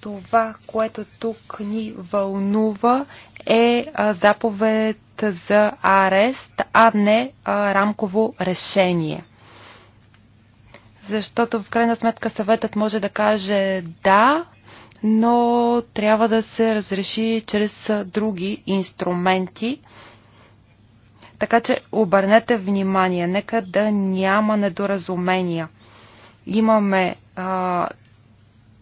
Това, което тук ни вълнува е заповед за арест, а не рамково решение защото в крайна сметка съветът може да каже да, но трябва да се разреши чрез други инструменти, така че обърнете внимание, нека да няма недоразумения. Имаме а,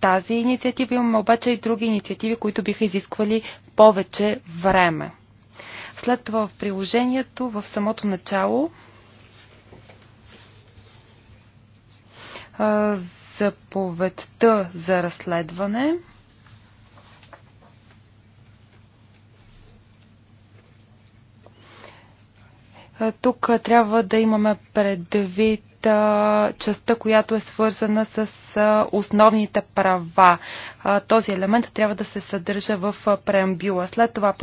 тази инициатива, имаме обаче и други инициативи, които биха изисквали повече време. След това в приложението, в самото начало, а, заповедта за разследване – Е, тук е, трябва да имаме предвид е, частта, която е свързана с основните права. Този елемент трябва да се съдържа в преамбюла. След това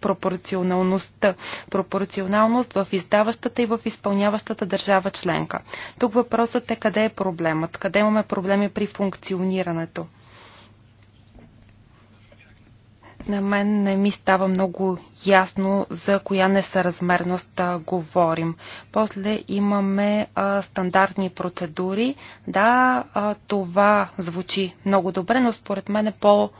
пропорционалността. Пропорционалност в издаващата и в изпълняващата държава членка. Тук въпросът е къде е проблемът, къде имаме проблеми при функционирането на мен не ми става много ясно за коя несъразмерност а, говорим. После имаме а, стандартни процедури. Да, а, това звучи много добре, но според мен е по-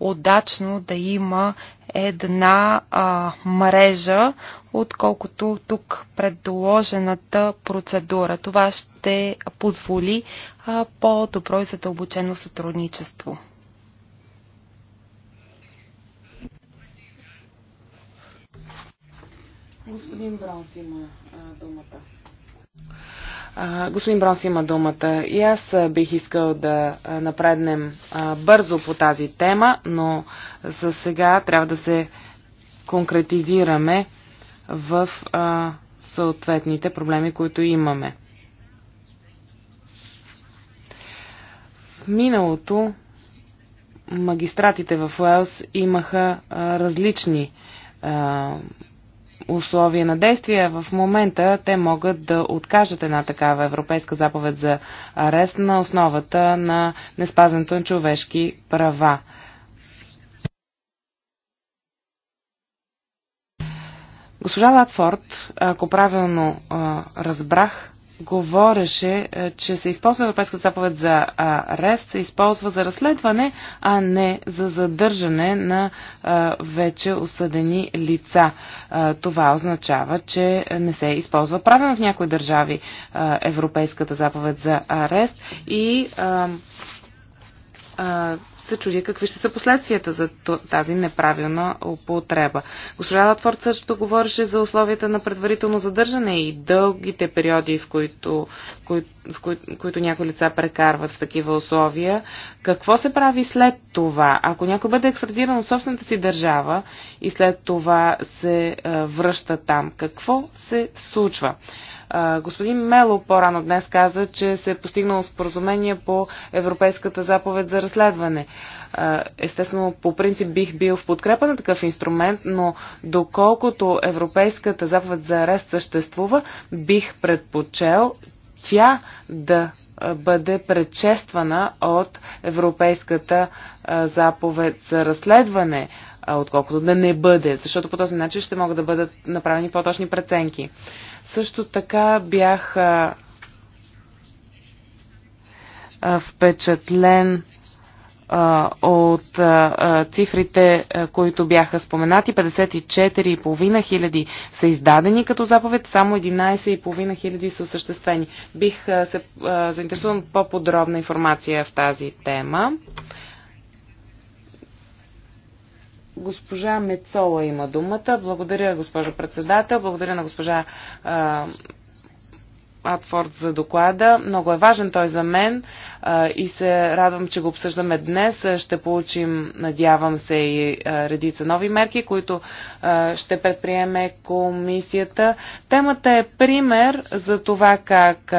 удачно да има една а, мрежа, отколкото тук предложената процедура. Това ще позволи по-добро и задълбочено сътрудничество. Господин Бронс има думата. Господин Бронс има думата. И аз бих искал да напреднем бързо по тази тема, но за сега трябва да се конкретизираме в съответните проблеми, които имаме. В миналото магистратите в Уелс имаха различни условия на действие. В момента те могат да откажат една такава европейска заповед за арест на основата на неспазването на човешки права. Госпожа Латфорд, ако правилно а, разбрах, говореше, е, че се използва Европейската заповед за арест, се използва за разследване, а не за задържане на вече осъдени лица. Това означава, че не се използва правилно в някои държави Европейската заповед за арест и а, се чудя какви ще са последствията за тази неправилна употреба. Госпожа Латфорд също говореше за условията на предварително задържане и дългите периоди, в които, кои, в кои, които някои лица прекарват в такива условия. Какво се прави след това? Ако някой бъде екстрадиран от собствената си държава и след това се а, връща там, какво се случва? Господин Мело по-рано днес каза, че се е постигнало споразумение по Европейската заповед за разследване. Естествено, по принцип бих бил в подкрепа на такъв инструмент, но доколкото Европейската заповед за арест съществува, бих предпочел тя да бъде предшествана от Европейската заповед за разследване, отколкото да не бъде, защото по този начин ще могат да бъдат направени по-точни преценки. Също така бях впечатлен от цифрите, които бяха споменати. 54,5 хиляди са издадени като заповед, само 11,5 хиляди са осъществени. Бих се заинтересувал по-подробна информация в тази тема. Госпожа Мецола има думата. Благодаря, госпожа председател. Благодаря на госпожа а, Атфорд за доклада. Много е важен той за мен а, и се радвам, че го обсъждаме днес. Ще получим, надявам се, и а, редица нови мерки, които а, ще предприеме комисията. Темата е пример за това как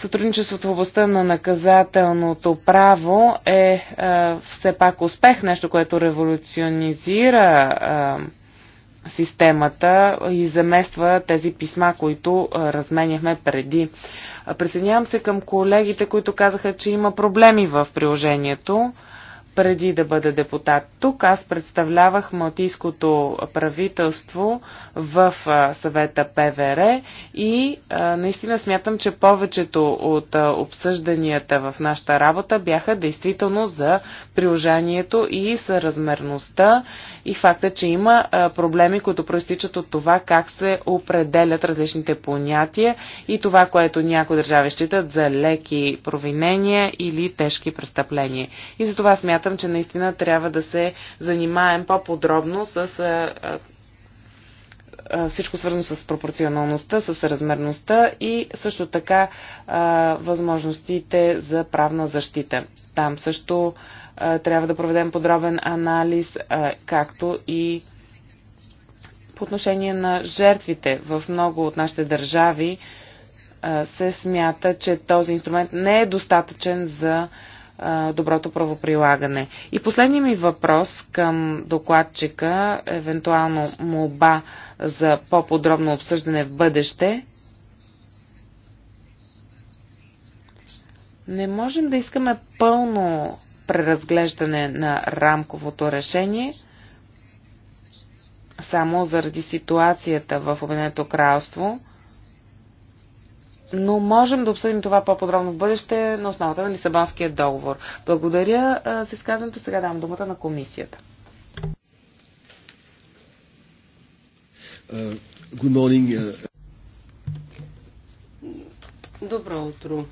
сътрудничеството в областта на наказателното право е, е все пак успех, нещо, което революционизира е, системата и замества тези писма, които е, разменяхме преди. Присъединявам се към колегите, които казаха, че има проблеми в приложението преди да бъда депутат тук, аз представлявах малтийското правителство в съвета ПВР и а, наистина смятам, че повечето от а, обсъжданията в нашата работа бяха действително за приложението и съразмерността и факта, че има а, проблеми, които проистичат от това как се определят различните понятия и това, което някои държави считат за леки провинения или тежки престъпления. И за това смятам, смятам, че наистина трябва да се занимаем по-подробно с всичко свързано с пропорционалността, с размерността и също така а, възможностите за правна защита. Там също а, трябва да проведем подробен анализ, а, както и по отношение на жертвите. В много от нашите държави се смята, че този инструмент не е достатъчен за доброто правоприлагане. И последният ми въпрос към докладчика, евентуално молба за по-подробно обсъждане в бъдеще. Не можем да искаме пълно преразглеждане на рамковото решение само заради ситуацията в Обединеното кралство – но можем да обсъдим това по-подробно в бъдеще на основата на Лисабонския договор. Благодаря за изказването. Сега давам думата на комисията. Uh, uh, Добро утро.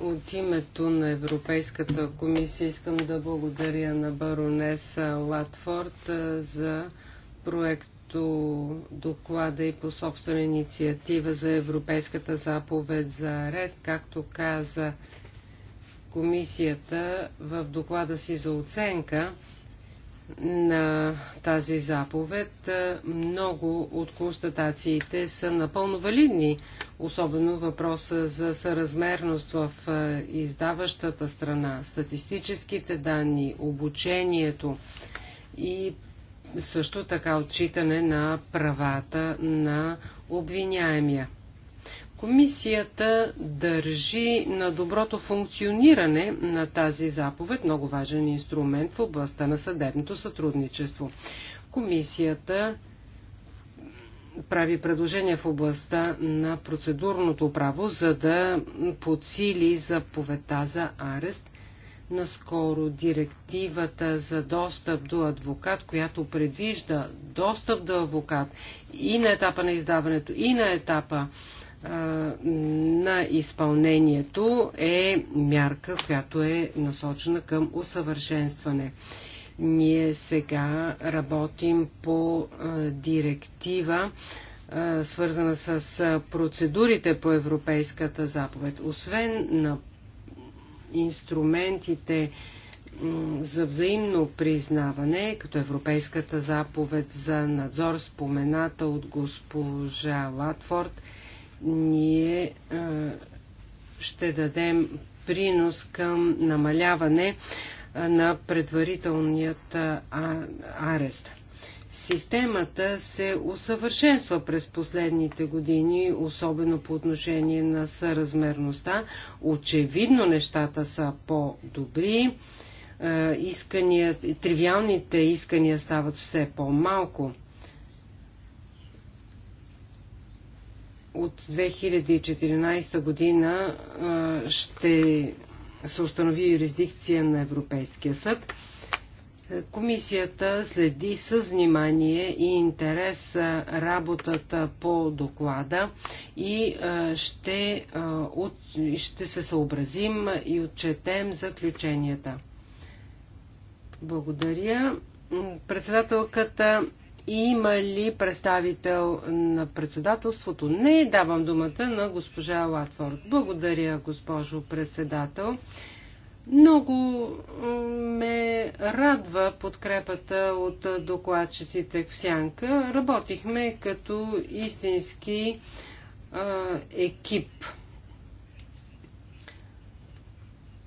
От името на Европейската комисия искам да благодаря на баронеса Латфорд за проект като доклада и по собствена инициатива за Европейската заповед за арест, както каза комисията в доклада си за оценка на тази заповед, много от констатациите са напълно валидни, особено въпроса за съразмерност в издаващата страна, статистическите данни, обучението и също така отчитане на правата на обвиняемия. Комисията държи на доброто функциониране на тази заповед, много важен инструмент в областта на съдебното сътрудничество. Комисията прави предложения в областта на процедурното право, за да подсили заповедта за арест наскоро директивата за достъп до адвокат, която предвижда достъп до адвокат и на етапа на издаването, и на етапа а, на изпълнението е мярка, която е насочена към усъвършенстване. Ние сега работим по а, директива, а, свързана с процедурите по Европейската заповед. Освен на инструментите за взаимно признаване, като Европейската заповед за надзор, спомената от госпожа Латфорд, ние е, ще дадем принос към намаляване е, на предварителният арест. Системата се усъвършенства през последните години, особено по отношение на съразмерността. Очевидно нещата са по-добри, е, искания, тривиалните искания стават все по-малко. От 2014 година е, ще се установи юрисдикция на Европейския съд Комисията следи с внимание и интерес работата по доклада и ще, ще се съобразим и отчетем заключенията. Благодаря. Председателката има ли представител на председателството? Не, давам думата на госпожа Латфорд. Благодаря, госпожо председател. Много ме радва подкрепата от докладчиците в Сянка. Работихме като истински а, екип.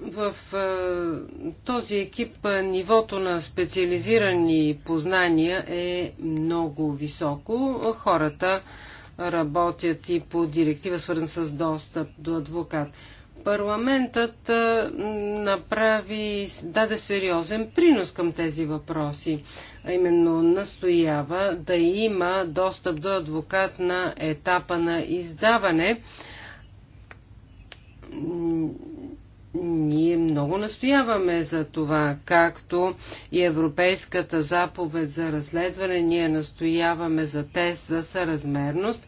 В а, този екип а, нивото на специализирани познания е много високо. Хората работят и по директива, свързана с достъп до адвокат. Парламентът направи, даде сериозен принос към тези въпроси, а именно настоява да има достъп до адвокат на етапа на издаване. Ние много настояваме за това, както и Европейската заповед за разследване, ние настояваме за тест за съразмерност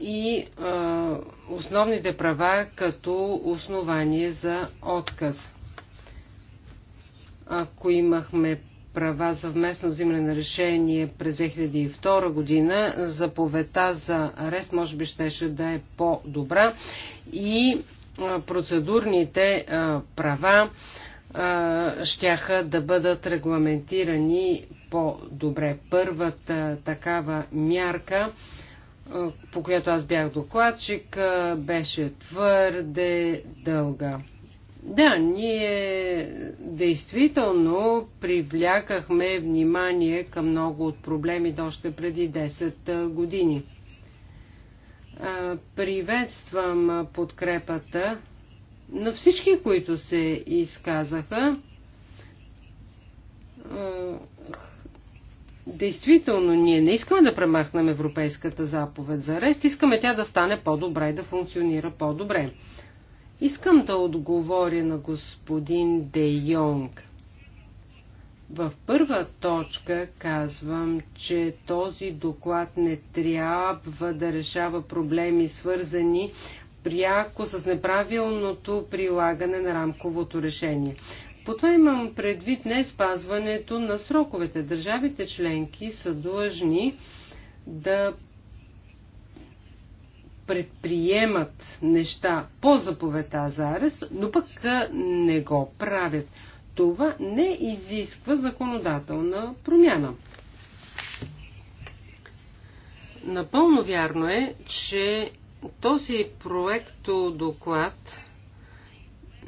и а, основните права като основание за отказ. Ако имахме права за вместно взимане на решение през 2002 година, заповедта за арест може би щеше да е по-добра и процедурните права щяха да бъдат регламентирани по-добре. Първата такава мярка е, по която аз бях докладчик, е, беше твърде дълга. Да, ние действително привлякахме внимание към много от проблемите още преди 10 е, години. Приветствам подкрепата на всички, които се изказаха Действително, ние не искаме да премахнем Европейската заповед за арест, искаме тя да стане по-добре и да функционира по-добре. Искам да отговоря на господин Де Йонг. В първа точка казвам, че този доклад не трябва да решава проблеми, свързани пряко с неправилното прилагане на рамковото решение. По това имам предвид не спазването на сроковете. Държавите членки са длъжни да предприемат неща по заповедта за арест, но пък не го правят. Това не изисква законодателна промяна. Напълно вярно е, че този проекто доклад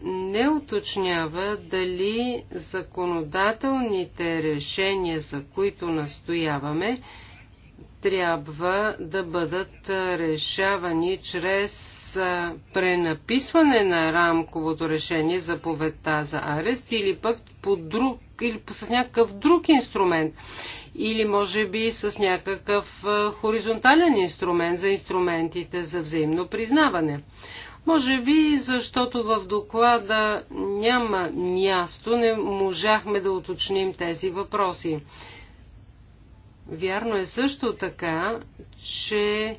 не уточнява дали законодателните решения, за които настояваме, трябва да бъдат решавани чрез пренаписване на рамковото решение за поведта за арест или пък по друг, или по, с някакъв друг инструмент или може би с някакъв хоризонтален инструмент за инструментите за взаимно признаване. Може би, защото в доклада няма място, не можахме да уточним тези въпроси. Вярно е също така, че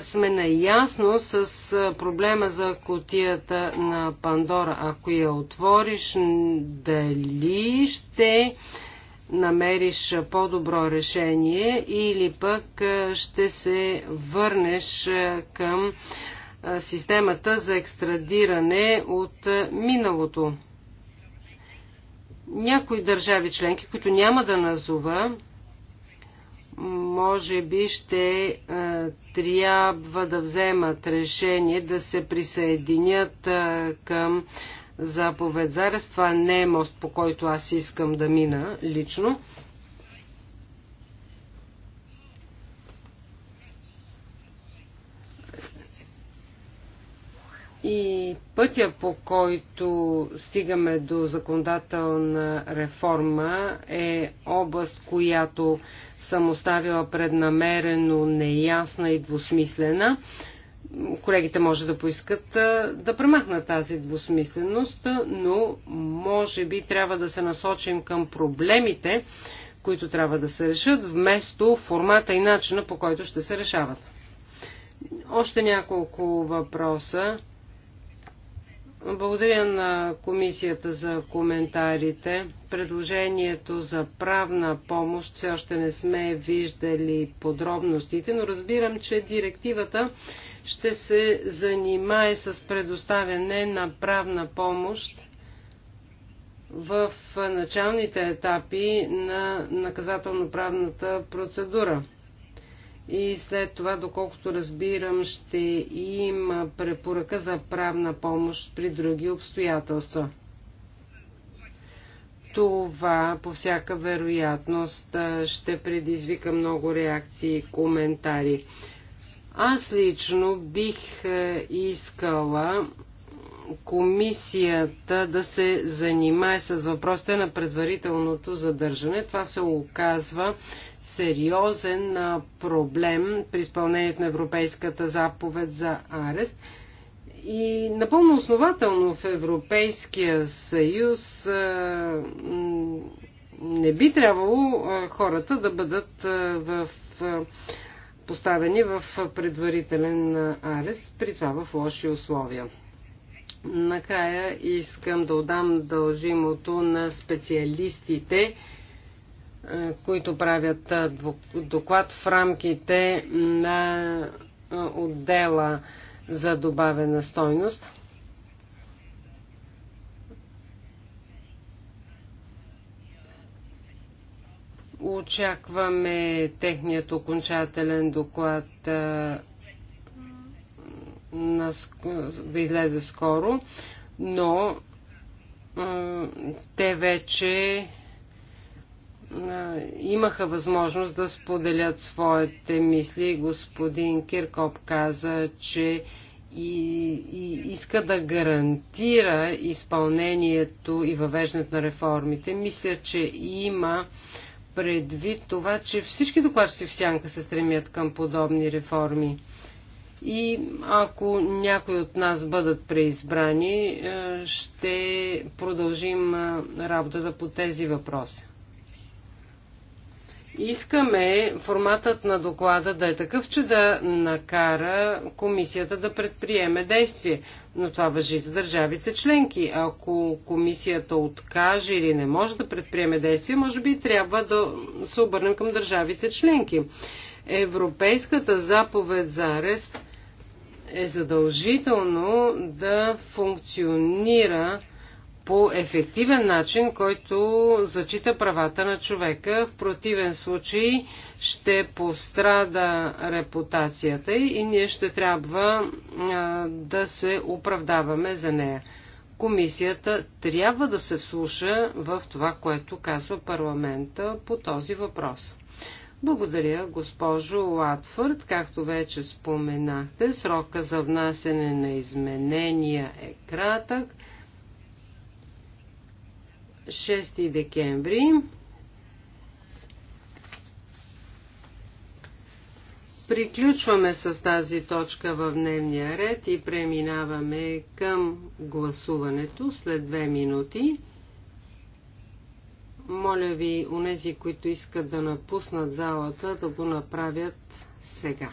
сме наясно с проблема за котията на Пандора. Ако я отвориш, дали ще намериш по-добро решение или пък ще се върнеш към системата за екстрадиране от миналото. Някои държави членки, които няма да назова, може би ще е, трябва да вземат решение да се присъединят е, към заповед за арест. Това не е мост, по който аз искам да мина лично. И пътя по който стигаме до законодателна реформа е област, която съм оставила преднамерено неясна и двусмислена. Колегите може да поискат да премахнат тази двусмисленост, но може би трябва да се насочим към проблемите, които трябва да се решат, вместо формата и начина по който ще се решават. Още няколко въпроса. Благодаря на комисията за коментарите. Предложението за правна помощ все още не сме виждали подробностите, но разбирам, че директивата ще се занимае с предоставяне на правна помощ в началните етапи на наказателно-правната процедура и след това, доколкото разбирам, ще има препоръка за правна помощ при други обстоятелства. Това по всяка вероятност ще предизвика много реакции и коментари. Аз лично бих искала комисията да се занимае с въпросите на предварителното задържане. Това се оказва сериозен проблем при изпълнението на Европейската заповед за арест. И напълно основателно в Европейския съюз не би трябвало хората да бъдат в, поставени в предварителен арест, при това в лоши условия. Накрая искам да отдам дължимото на специалистите, е, които правят е, доклад в рамките на е, отдела за добавена стойност. Очакваме техният окончателен доклад да излезе скоро, но те вече имаха възможност да споделят своите мисли. Господин Киркоп каза, че и, и иска да гарантира изпълнението и въвеждането на реформите. Мисля, че има предвид това, че всички докладчици в сянка се стремят към подобни реформи. И ако някои от нас бъдат преизбрани, ще продължим работата по тези въпроси. Искаме форматът на доклада да е такъв, че да накара комисията да предприеме действие. Но това въжи за държавите членки. Ако комисията откаже или не може да предприеме действие, може би трябва да се обърнем към държавите членки. Европейската заповед за арест е задължително да функционира по ефективен начин, който зачита правата на човека. В противен случай ще пострада репутацията и ние ще трябва а, да се оправдаваме за нея. Комисията трябва да се вслуша в това, което казва парламента по този въпрос. Благодаря, госпожо Латфърд. Както вече споменахте, срока за внасене на изменения е кратък. 6 декември. Приключваме с тази точка в дневния ред и преминаваме към гласуването след 2 минути. Моля ви, унези, които искат да напуснат залата, да го направят сега.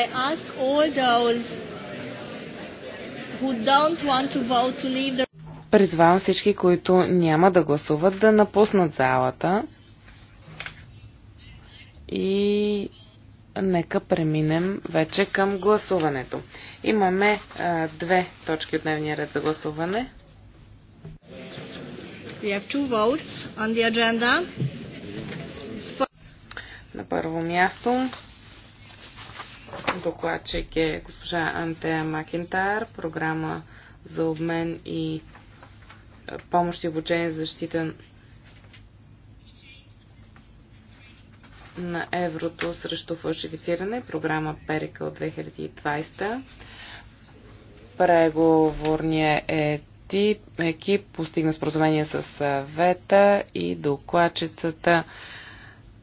I ask all those who don't want to vote to leave the Призвавам всички, които няма да гласуват, да напуснат залата. И нека преминем вече към гласуването. Имаме а, е, две точки от дневния ред за гласуване. We have two votes on the agenda. На първо място Докладчик е госпожа Антея Макентар, програма за обмен и е, помощ и обучение за защита на еврото срещу фалшифициране, програма Перика от 2020. Преговорният е екип, екип постигна споразумение с съвета и докладчицата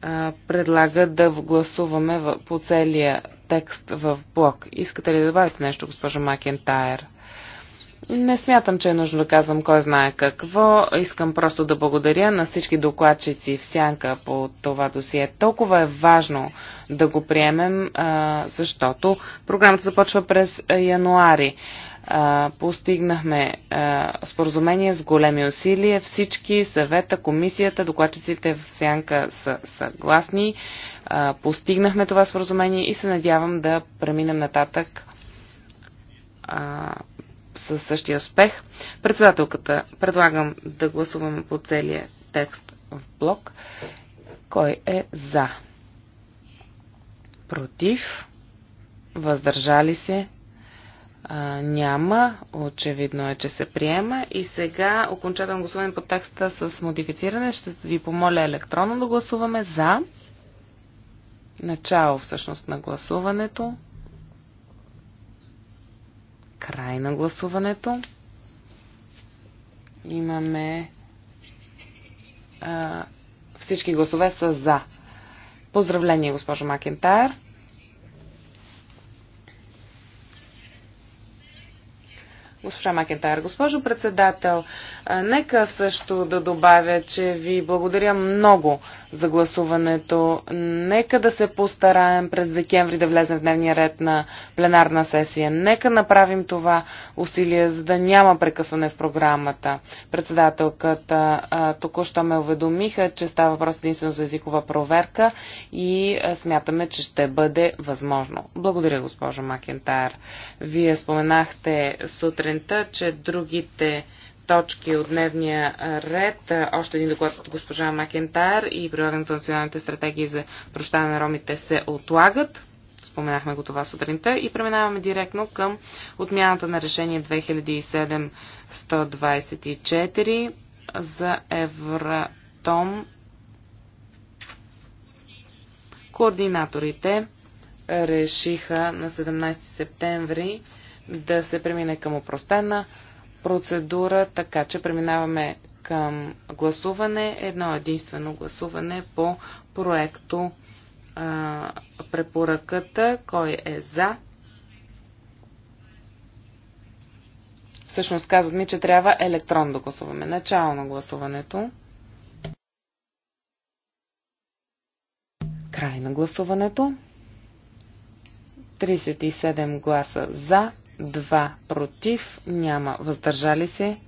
е, предлага да гласуваме по целия текст в блок. Искате ли да добавите нещо, госпожо Макентайр? Не смятам, че е нужно да казвам кой знае какво. Искам просто да благодаря на всички докладчици в сянка по това досие. Толкова е важно да го приемем, защото програмата започва през януари. Постигнахме споразумение с големи усилия. Всички, съвета, комисията, докладчиците в сянка са съгласни. Постигнахме това споразумение и се надявам да преминем нататък със същия успех. Председателката предлагам да гласуваме по целия текст в блок. Кой е за? Против? Въздържали се? А, няма. Очевидно е, че се приема. И сега окончателно гласуване по текста с модифициране. Ще ви помоля електронно да гласуваме за. Начало всъщност на гласуването. Край на гласуването. Имаме. А, всички гласове са за. Поздравление, госпожо Макентайр. Госпожа Макентайр, госпожо председател, нека също да добавя, че ви благодаря много за гласуването. Нека да се постараем през декември да влезем в дневния ред на пленарна сесия. Нека направим това усилие, за да няма прекъсване в програмата. Председателката току-що ме уведомиха, че става въпрос единствено за езикова проверка и смятаме, че ще бъде възможно. Благодаря, госпожо Макентайр. Вие споменахте сутрин сутринта, че другите точки от дневния ред, още един доклад от госпожа Макентайр и прилагането на националните стратегии за прощаване на ромите се отлагат. Споменахме го това сутринта и преминаваме директно към отмяната на решение 2007-124 за Евратом. Координаторите решиха на 17 септември да се премине към упростена процедура, така че преминаваме към гласуване, едно единствено гласуване по проекто а, препоръката, кой е за. Всъщност казват ми, че трябва електронно да гласуваме. Начало на гласуването. Край на гласуването. 37 гласа за, 2 против, няма въздържали се,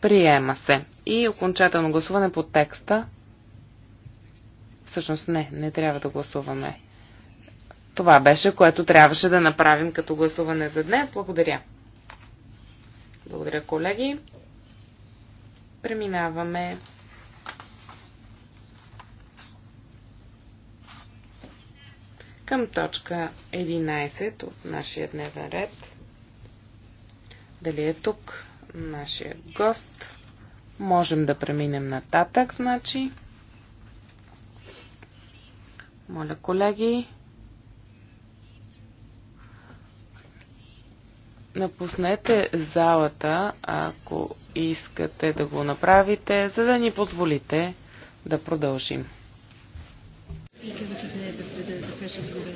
приема се. И окончателно гласуване по текста. Всъщност не, не трябва да гласуваме. Това беше, което трябваше да направим като гласуване за днес. Благодаря. Благодаря, колеги. Преминаваме към точка 11 от нашия дневен ред дали е тук нашия гост. Можем да преминем нататък, значи. Моля, колеги, напуснете залата, ако искате да го направите, за да ни позволите да продължим. Thank you,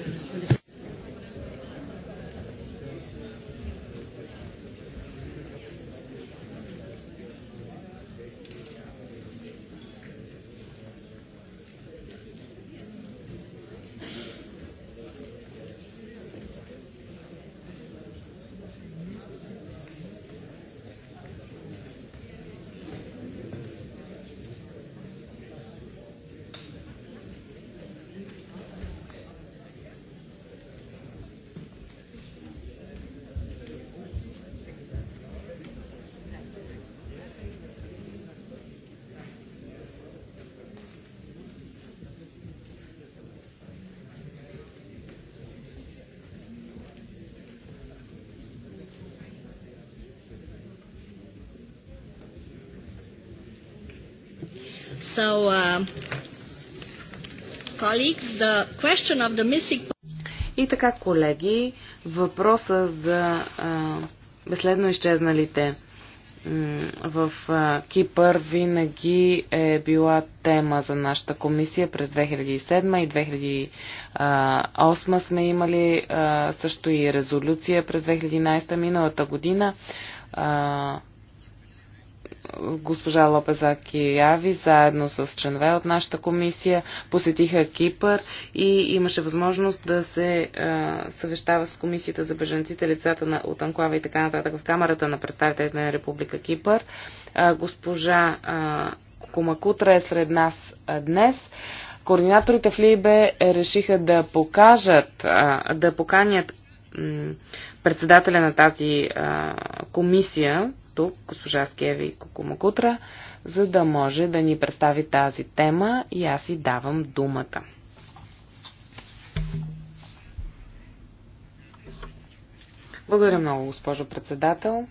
И така, колеги, въпроса за а, безследно изчезналите в а, Кипър винаги е била тема за нашата комисия през 2007 и 2008 сме имали а, също и резолюция през 2011 миналата година. А, госпожа Лопезак и Ави, заедно с членове от нашата комисия, посетиха Кипър и имаше възможност да се а, съвещава с комисията за беженците, лицата на, от Анклава и така нататък в Камерата на представителите на Република Кипър. А, госпожа а, Комакутра е сред нас а, днес. Координаторите в Либе решиха да покажат, а, да поканят председателя на тази а, комисия, тук, госпожа Скеви Кокумакутра, за да може да ни представи тази тема и аз и давам думата. Благодаря много, госпожо председател.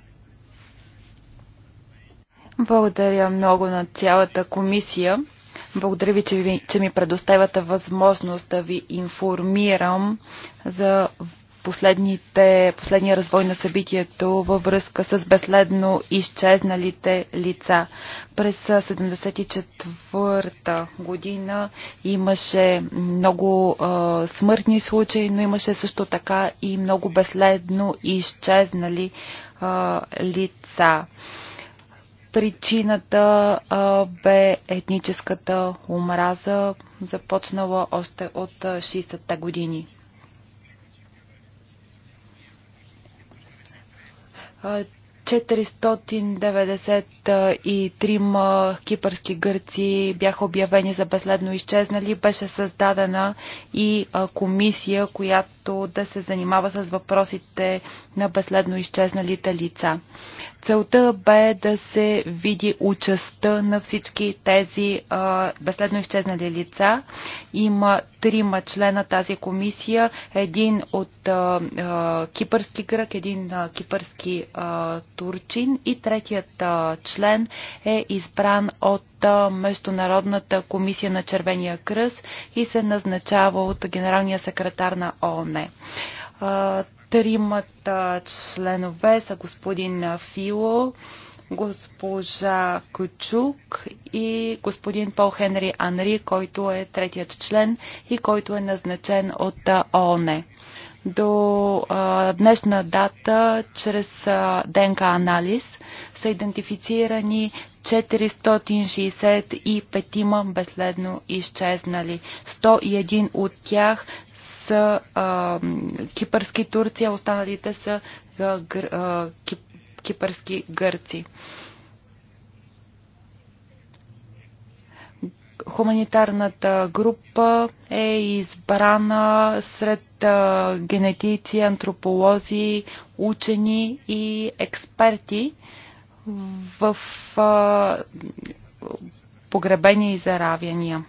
Благодаря много на цялата комисия. Благодаря ви, че, ви, че ми предоставяте възможност да ви информирам за последните, последния развой на събитието във връзка с безследно изчезналите лица. През 1974 година имаше много а, смъртни случаи, но имаше също така и много безследно изчезнали а, лица. Причината а, бе етническата омраза, започнала още от 60-те години. А, 493 кипърски гърци бяха обявени за безследно изчезнали. Беше създадена и комисия, която да се занимава с въпросите на безследно изчезналите лица. Целта бе да се види участта на всички тези безследно изчезнали лица. Има трима члена тази комисия, един от кипърски грък, един кипърски турист Турчин и третият член е избран от Международната комисия на Червения кръст и се назначава от генералния секретар на ООН. Тримата членове са господин Фило, госпожа Кучук и господин Пол Хенри Анри, който е третият член и който е назначен от ООН до а, днешна дата, чрез а, ДНК анализ, са идентифицирани 465 безследно изчезнали. 101 от тях са а, кипърски турци, а останалите са а, гър, а, кип, кипърски гърци. Хуманитарната група е избрана сред генетици, антрополози, учени и експерти в погребения и заравяния.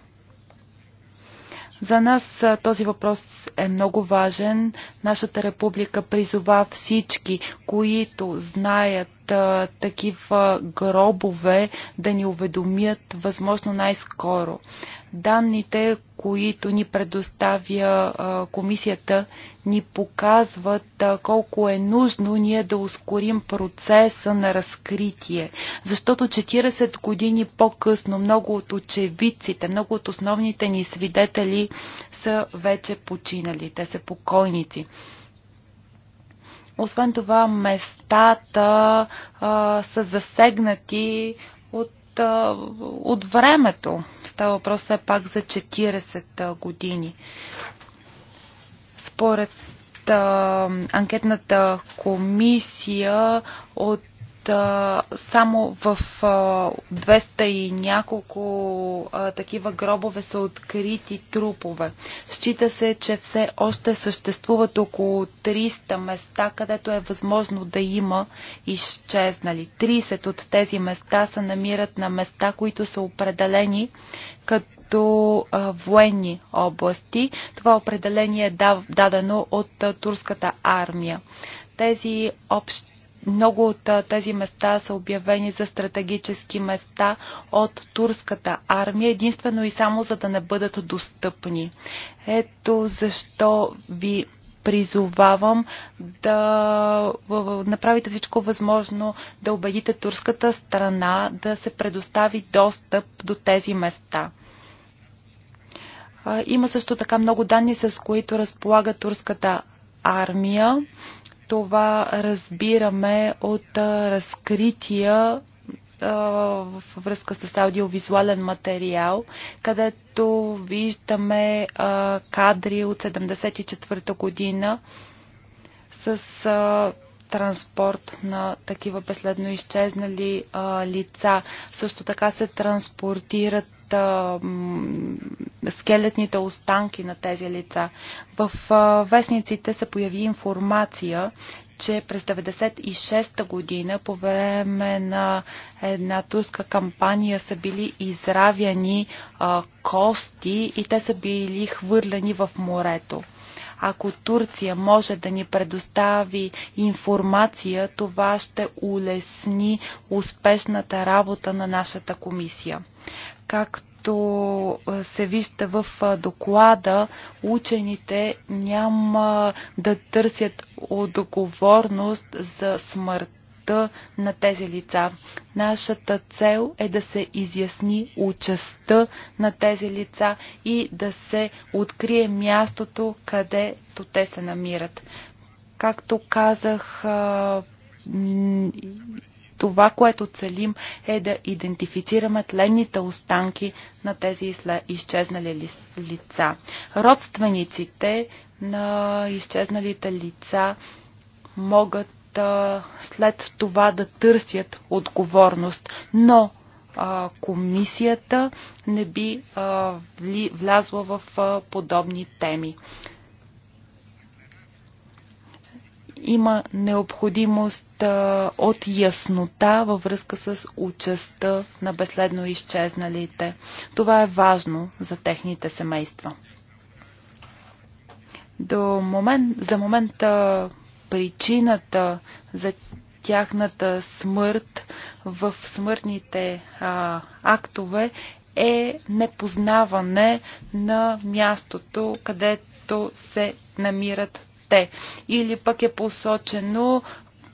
За нас този въпрос е много важен. Нашата република призова всички, които знаят а, такива гробове, да ни уведомят възможно най-скоро. Данните, които ни предоставя а, комисията, ни показват а, колко е нужно ние да ускорим процеса на разкритие. Защото 40 години по-късно много от очевидците, много от основните ни свидетели са вече починали. Те са покойници. Освен това, местата а, са засегнати от, а, от времето. Става въпрос все пак за 40 години. Според а, анкетната комисия от само в 200 и няколко такива гробове са открити трупове. Счита се, че все още съществуват около 300 места, където е възможно да има изчезнали. 30 от тези места се намират на места, които са определени като военни области. Това определение е дадено от турската армия. Тези общи много от тези места са обявени за стратегически места от турската армия, единствено и само за да не бъдат достъпни. Ето защо ви призовавам да направите всичко възможно да убедите турската страна да се предостави достъп до тези места. Има също така много данни, с които разполага турската армия това разбираме от разкрития във връзка с аудиовизуален материал, където виждаме кадри от 74-та година с транспорт на такива безследно изчезнали лица. Също така се транспортират а, скелетните останки на тези лица. В а, вестниците се появи информация, че през 1996 година по време на една турска кампания са били изравяни а, кости и те са били хвърлени в морето. Ако Турция може да ни предостави информация, това ще улесни успешната работа на нашата комисия. Както е, се вижда в е, доклада, учените няма да търсят отговорност за смърт отговорността на тези лица. Нашата цел е да се изясни участта на тези лица и да се открие мястото, където те се намират. Както казах, това, което целим е да идентифицираме тленните останки на тези изчезнали лица. Родствениците на изчезналите лица могат да след това да търсят отговорност. Но а, комисията не би а, вли, влязла в а, подобни теми. Има необходимост а, от яснота във връзка с участта на безследно изчезналите. Това е важно за техните семейства. До момент, за момента причината за тяхната смърт в смъртните а, актове е непознаване на мястото, където се намират те. Или пък е посочено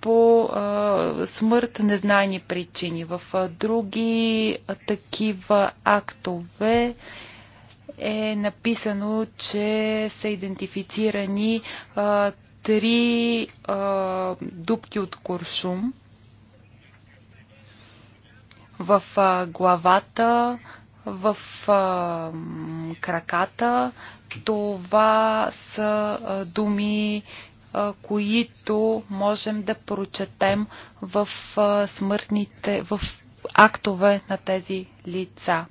по а, смърт незнайни причини. В а, други а, такива актове е написано, че са идентифицирани а, три а, дубки от куршум. В а, главата, в а, краката. Това са а, думи, а, които можем да прочетем в а, смъртните, в актове на тези лица.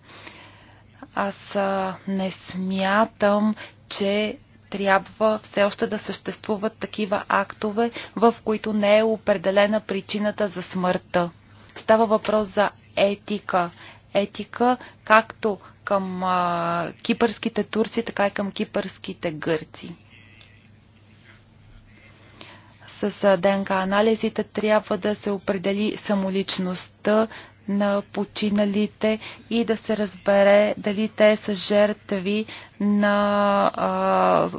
Аз а, не смятам, че трябва все още да съществуват такива актове, в които не е определена причината за смъртта. Става въпрос за етика. Етика както към а, кипърските турци, така и към кипърските гърци. С ДНК анализите трябва да се определи самоличността на починалите и да се разбере дали те са жертви на а,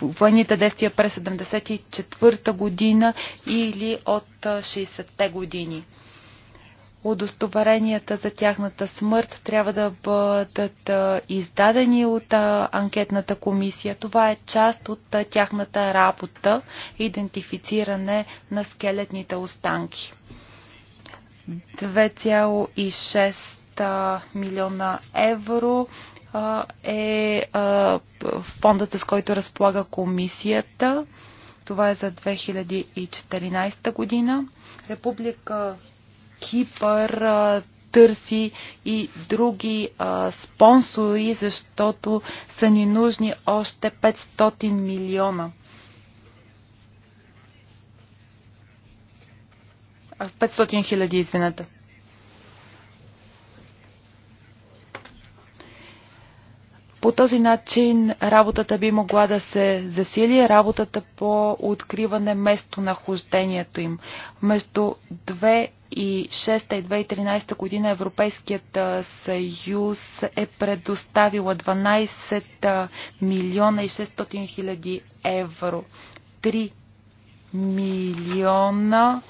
военните действия през 1974 година или от 60-те години удостоверенията за тяхната смърт трябва да бъдат издадени от анкетната комисия. Това е част от тяхната работа идентифициране на скелетните останки. 2,6 милиона евро е фондът, с който разполага комисията. Това е за 2014 година. Република Кипър търси и други а, спонсори, защото са ни нужни още 500 милиона. 500 хиляди, извинете. По този начин работата би могла да се засили, работата по откриване местонахождението им. Между 2006 и 2013 година Европейският съюз е предоставила 12 милиона и 600 хиляди евро. 3 милиона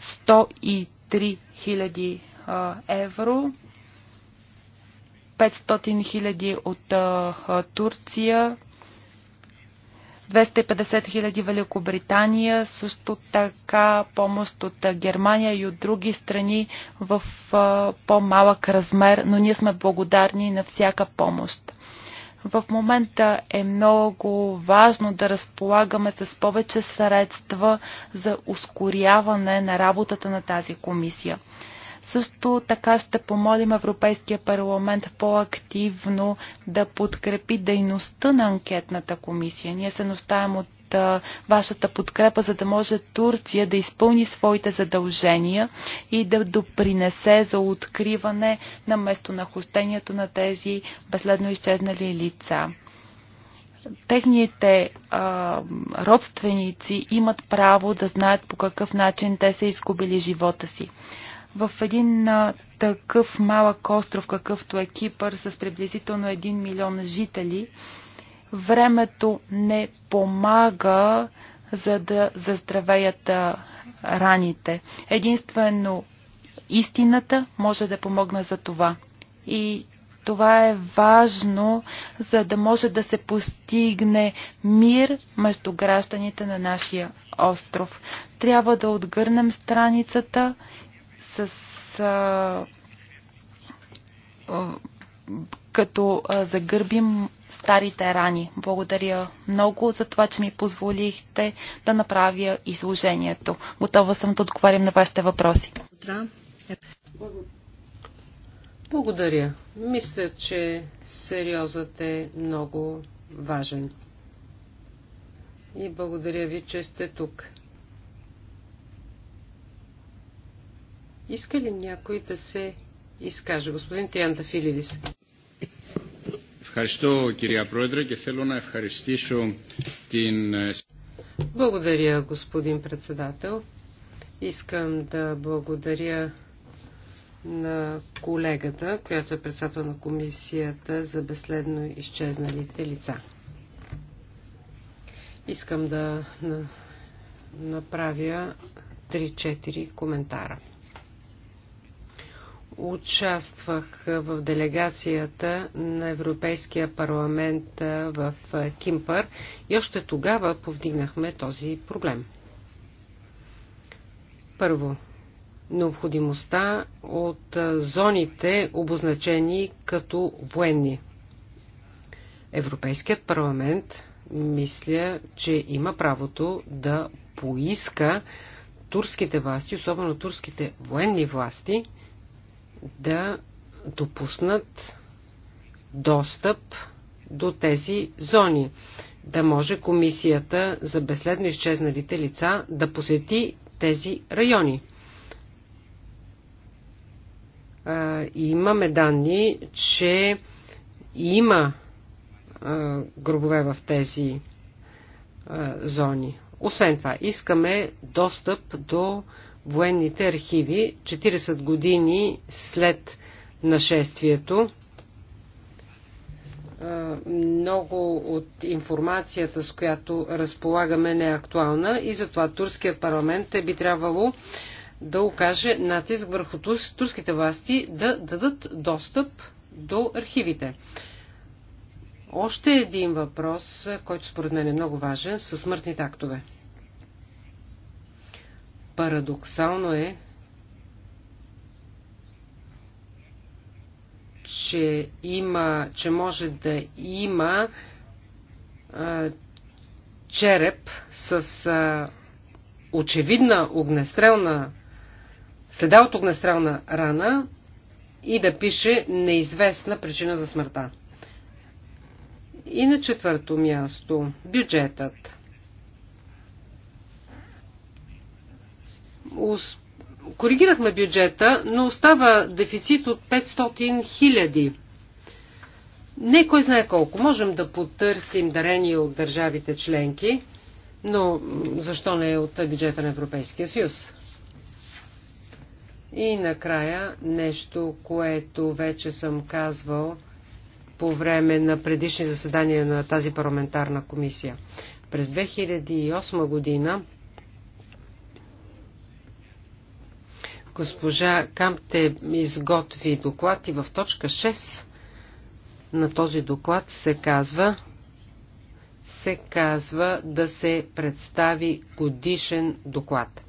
103 000 евро, 500 хиляди от Турция, 250 хиляди Великобритания, също така помощ от Германия и от други страни в по-малък размер, но ние сме благодарни на всяка помощ. В момента е много важно да разполагаме с повече средства за ускоряване на работата на тази комисия. Също така ще помолим Европейския парламент по-активно да подкрепи дейността на анкетната комисия. Ние се нуждаем от а, вашата подкрепа, за да може Турция да изпълни своите задължения и да допринесе за откриване на местонахождението на тези безследно изчезнали лица техните а, родственици имат право да знаят по какъв начин те са изгубили живота си. В един а, такъв малък остров, какъвто е Кипър, с приблизително 1 милион жители, Времето не помага, за да заздравеят раните. Единствено истината може да помогне за това. И това е важно, за да може да се постигне мир между гражданите на нашия остров. Трябва да отгърнем страницата с като загърбим старите рани. Благодаря много за това, че ми позволихте да направя изложението. Готова съм да отговарям на вашите въпроси. Благодаря. Мисля, че сериозът е много важен. И благодаря ви, че сте тук. Иска ли някой да се изкаже? Господин Трианта Филидис. Ευχαριστώ κυρία Πρόεδρε και θέλω να ευχαριστήσω την... Благодаря, господин председател. Искам да благодаря на колегата, която е председател на комисията за безследно изчезналите лица. Искам да направя 3-4 коментара участвах в делегацията на Европейския парламент в Кимпър и още тогава повдигнахме този проблем. Първо, необходимостта от зоните, обозначени като военни. Европейският парламент мисля, че има правото да поиска турските власти, особено турските военни власти, да допуснат достъп до тези зони. Да може комисията за безследно изчезналите лица да посети тези райони. И имаме данни, че има гробове в тези зони. Освен това, искаме достъп до военните архиви 40 години след нашествието. Много от информацията, с която разполагаме, не е актуална и затова турският парламент е би трябвало да окаже натиск върху турските власти да дадат достъп до архивите. Още един въпрос, който според мен е много важен, са смъртните актове. Парадоксално е, че има, че може да има а, череп с а, очевидна огнестрелна следа от огнестрелна рана и да пише неизвестна причина за смъртта. И на четвърто място бюджетът. коригирахме бюджета, но остава дефицит от 500 хиляди. Не кой знае колко. Можем да потърсим дарения от държавите членки, но защо не от бюджета на Европейския съюз? И накрая нещо, което вече съм казвал по време на предишни заседания на тази парламентарна комисия. През 2008 година Госпожа Камте изготви доклад и в точка 6 на този доклад се казва се казва да се представи годишен доклад.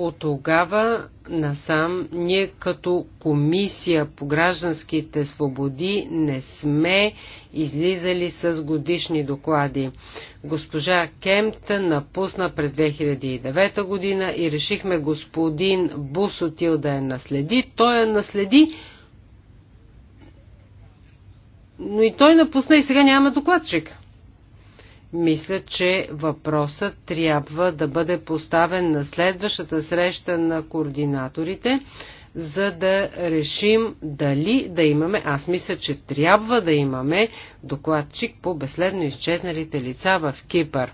От тогава насам ние като комисия по гражданските свободи не сме излизали с годишни доклади. Госпожа Кемт напусна през 2009 година и решихме господин Бусотил да я наследи. Той я наследи, но и той напусна и сега няма докладчик. Мисля, че въпросът трябва да бъде поставен на следващата среща на координаторите, за да решим дали да имаме, аз мисля, че трябва да имаме докладчик по безследно изчезналите лица в Кипър.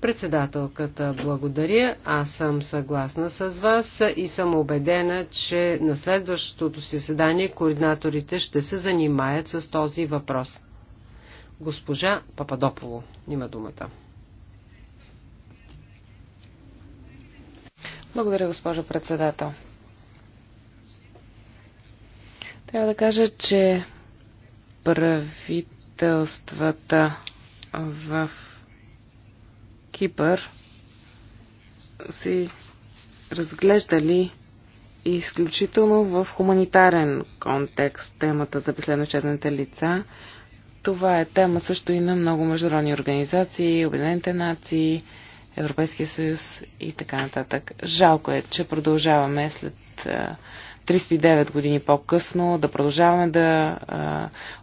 Председателката, благодаря. Аз съм съгласна с вас и съм убедена, че на следващото си седание координаторите ще се занимаят с този въпрос. Госпожа Пападополо има думата. Благодаря, госпожо председател. Трябва да кажа, че правителствата в Кипър си разглеждали изключително в хуманитарен контекст темата за безследно лица. Това е тема също и на много международни организации, Обединените нации, Европейския съюз и така нататък. Жалко е, че продължаваме след 39 години по-късно да продължаваме да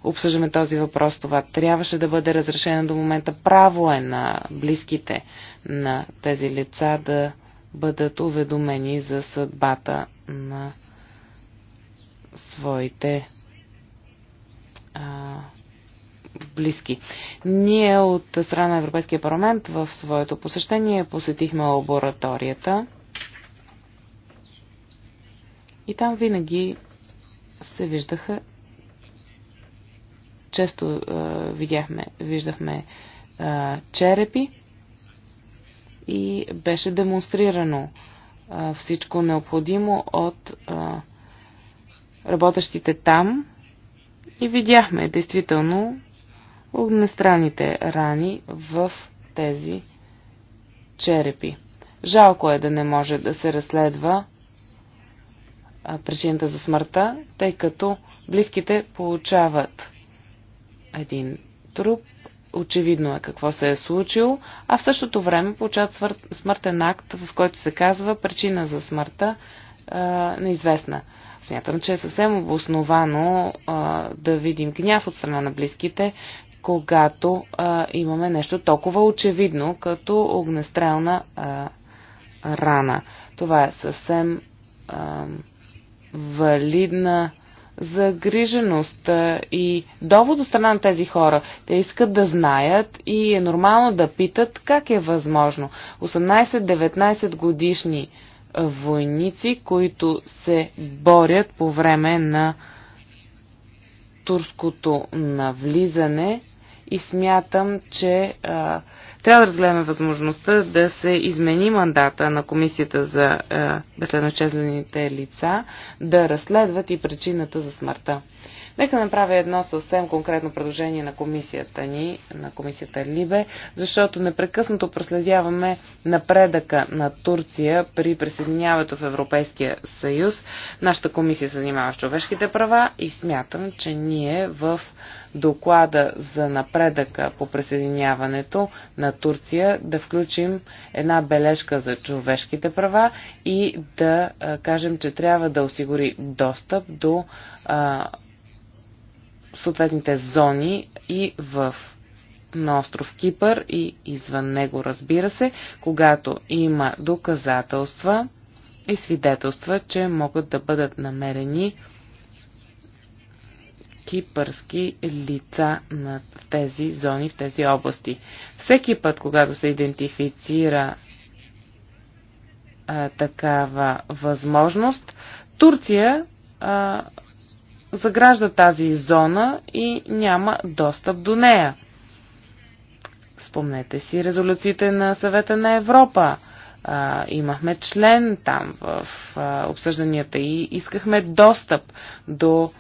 обсъждаме този въпрос. Това трябваше да бъде разрешено до момента. Право е на близките на тези лица да бъдат уведомени за съдбата на своите а, близки. Ние от страна на Европейския парламент в своето посещение посетихме лабораторията и там винаги се виждаха често е, видяхме, виждахме е, черепи и беше демонстрирано е, всичко необходимо от е, работещите там и видяхме действително огнестранните рани в тези черепи. Жалко е да не може да се разследва причината за смъртта, тъй като близките получават един труп, очевидно е какво се е случило, а в същото време получават смъртен акт, в който се казва причина за смъртта е, неизвестна. Смятам, че е съвсем обосновано да видим гняв от страна на близките, когато а, имаме нещо толкова очевидно, като огнестрелна а, рана. Това е съвсем а, валидна загриженост и довод от страна на тези хора. Те искат да знаят и е нормално да питат как е възможно. 18-19 годишни войници, които се борят по време на турското навлизане и смятам, че а, трябва да разгледаме възможността да се измени мандата на Комисията за безследно лица да разследват и причината за смъртта. Нека направя едно съвсем конкретно предложение на комисията ни, на комисията Либе, защото непрекъснато проследяваме напредъка на Турция при присъединяването в Европейския съюз. Нашата комисия се занимава с човешките права и смятам, че ние в доклада за напредъка по присъединяването на Турция да включим една бележка за човешките права и да кажем, че трябва да осигури достъп до а, съответните зони и в на остров Кипър и извън него, разбира се, когато има доказателства и свидетелства, че могат да бъдат намерени кипърски лица на тези зони, в тези области. Всеки път, когато се идентифицира а, такава възможност, Турция а, загражда тази зона и няма достъп до нея. Спомнете си резолюциите на съвета на Европа. А, имахме член там в а, обсъжданията и искахме достъп до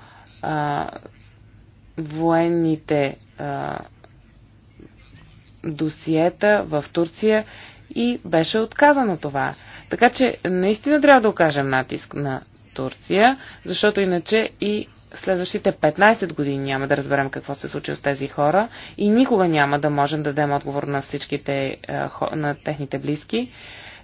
а, военните а, досиета в Турция и беше отказано това. Така че наистина трябва да окажем натиск на Турция, защото иначе и следващите 15 години няма да разберем какво се случи с тези хора и никога няма да можем да дадем отговор на всичките, е, на техните близки.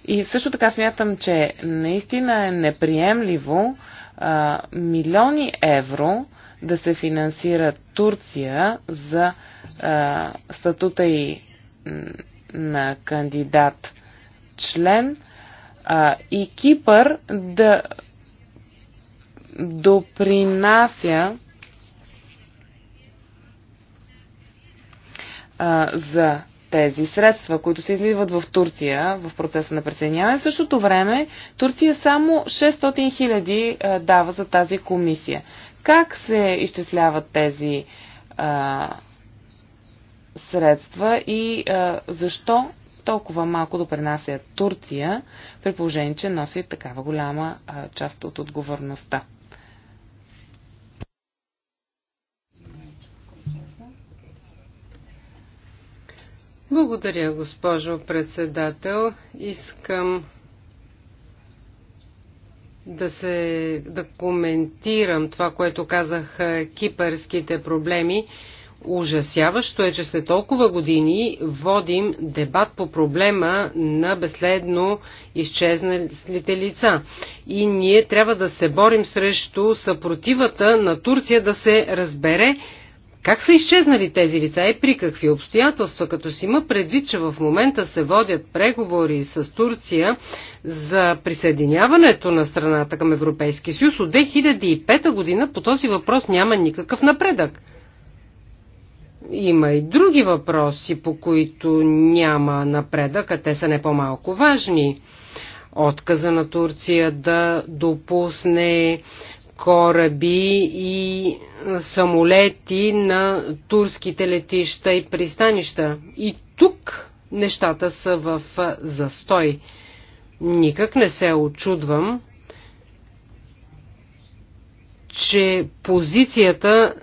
И също така смятам, че наистина е неприемливо а, милиони евро да се финансира Турция за а, статута и на кандидат член а, и Кипър да допринася а, за тези средства, които се изливат в Турция в процеса на присъединяване. В същото време Турция само 600 хиляди дава за тази комисия. Как се изчисляват тези а, средства и а, защо толкова малко допринася Турция, при положение, че носи такава голяма а, част от отговорността? Благодаря, госпожо председател. Искам да, се, да коментирам това, което казах е, кипърските проблеми. Ужасяващо е, че след толкова години водим дебат по проблема на безследно изчезналите лица. И ние трябва да се борим срещу съпротивата на Турция да се разбере как са изчезнали тези лица и при какви обстоятелства, като си има предвид, че в момента се водят преговори с Турция за присъединяването на страната към Европейския съюз, от 2005 година по този въпрос няма никакъв напредък. Има и други въпроси, по които няма напредък, а те са не по-малко важни отказа на Турция да допусне кораби и самолети на турските летища и пристанища. И тук нещата са в застой. Никак не се очудвам, че позицията,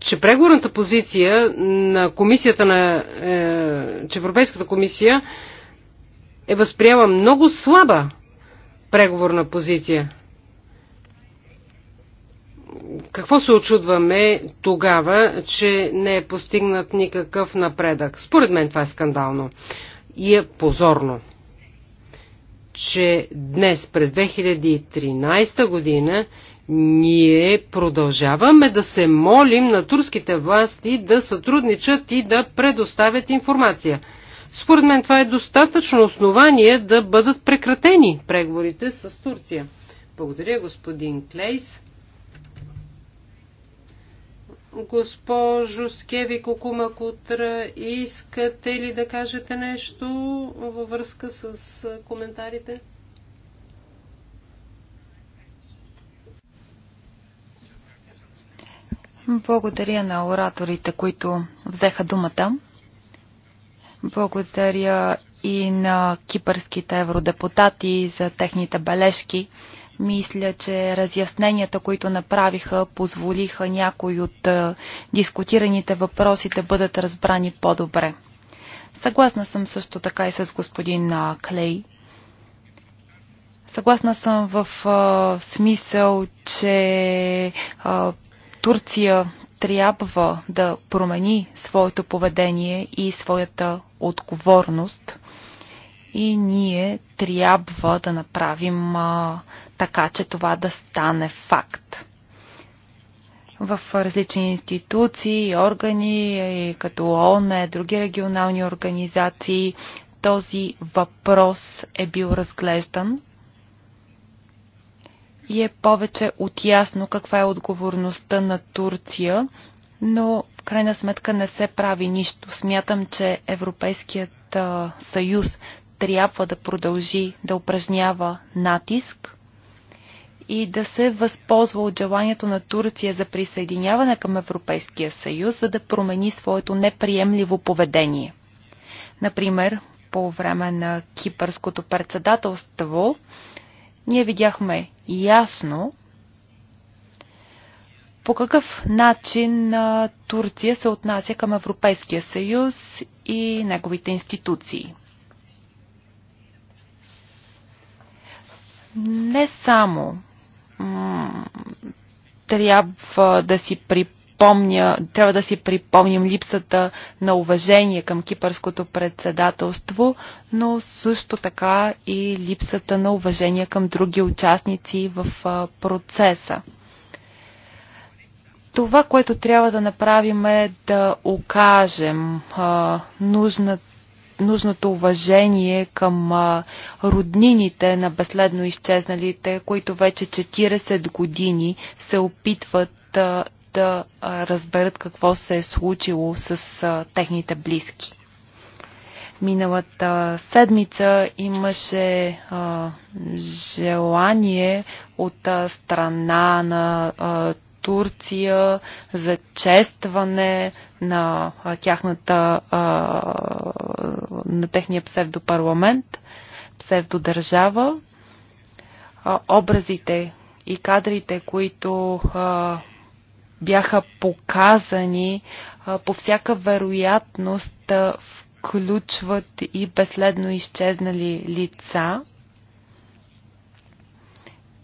че преговорната позиция на комисията на, е, че Европейската комисия е възприела много слаба преговорна позиция какво се очудваме тогава, че не е постигнат никакъв напредък? Според мен това е скандално и е позорно, че днес през 2013 година ние продължаваме да се молим на турските власти да сътрудничат и да предоставят информация. Според мен това е достатъчно основание да бъдат прекратени преговорите с Турция. Благодаря, господин Клейс. Госпожо Скеви Кокума Кутра, искате ли да кажете нещо във връзка с коментарите? Благодаря на ораторите, които взеха думата. Благодаря и на кипърските евродепутати за техните бележки. Мисля, че разясненията, които направиха, позволиха някои от дискутираните въпроси да бъдат разбрани по-добре. Съгласна съм също така и с господин Клей. Съгласна съм в смисъл, че а, Турция трябва да промени своето поведение и своята отговорност и ние трябва да направим а, така, че това да стане факт. В различни институции, органи, и като ООН, други регионални организации, този въпрос е бил разглеждан и е повече от ясно каква е отговорността на Турция, но в крайна сметка не се прави нищо. Смятам, че Европейският съюз трябва да продължи да упражнява натиск и да се възползва от желанието на Турция за присъединяване към Европейския съюз, за да промени своето неприемливо поведение. Например, по време на кипърското председателство, ние видяхме ясно по какъв начин Турция се отнася към Европейския съюз и неговите институции. не само трябва да си припомня, трябва да си припомним липсата на уважение към кипърското председателство, но също така и липсата на уважение към други участници в процеса. Това, което трябва да направим е да окажем а, нужната нужното уважение към роднините на безследно изчезналите, които вече 40 години се опитват да разберат какво се е случило с техните близки. Миналата седмица имаше а, желание от а, страна на а, Турция за честване на тяхната на техния псевдопарламент, псевдодържава. Образите и кадрите, които бяха показани, по всяка вероятност включват и безследно изчезнали лица.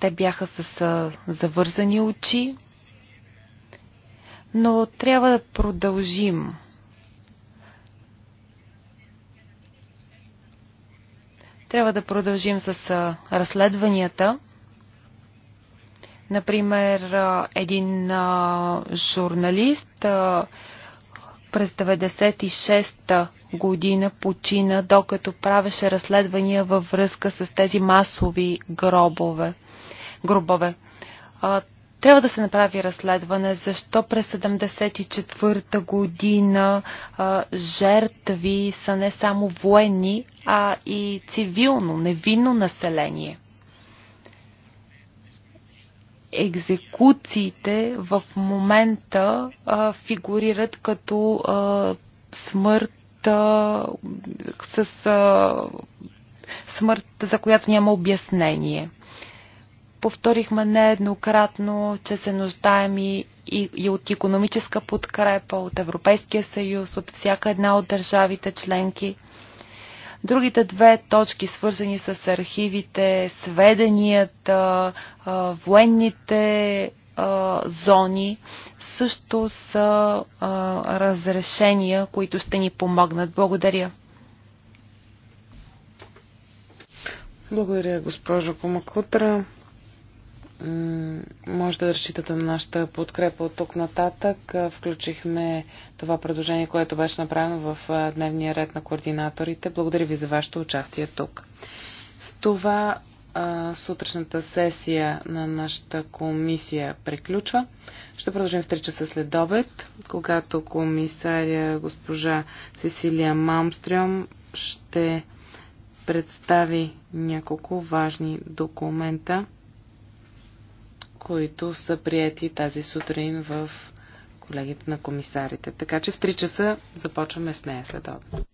Те бяха с завързани очи, но трябва да продължим. Трябва да продължим с разследванията. Например, един журналист през 96-та година почина, докато правеше разследвания във връзка с тези масови гробове. гробове. Трябва да се направи разследване защо през 74-та година а, жертви са не само военни, а и цивилно, невинно население. Екзекуциите в момента а, фигурират като а, смърт а, с а, смърт, за която няма обяснение. Повторихме нееднократно, че се нуждаем и, и, и от економическа подкрепа, от Европейския съюз, от всяка една от държавите членки. Другите две точки, свързани с архивите, сведенията, военните зони, също са разрешения, които ще ни помогнат. Благодаря. Благодаря, госпожо Комакутра може да разчитате на нашата подкрепа от тук нататък. Включихме това предложение, което беше направено в дневния ред на координаторите. Благодаря ви за вашето участие тук. С това сутрешната сесия на нашата комисия приключва. Ще продължим в 3 часа след обед, когато комисаря госпожа Сесилия Малмстрюм ще представи няколко важни документа които са прияти тази сутрин в колегите на комисарите. Така че в 3 часа започваме с нея след обед.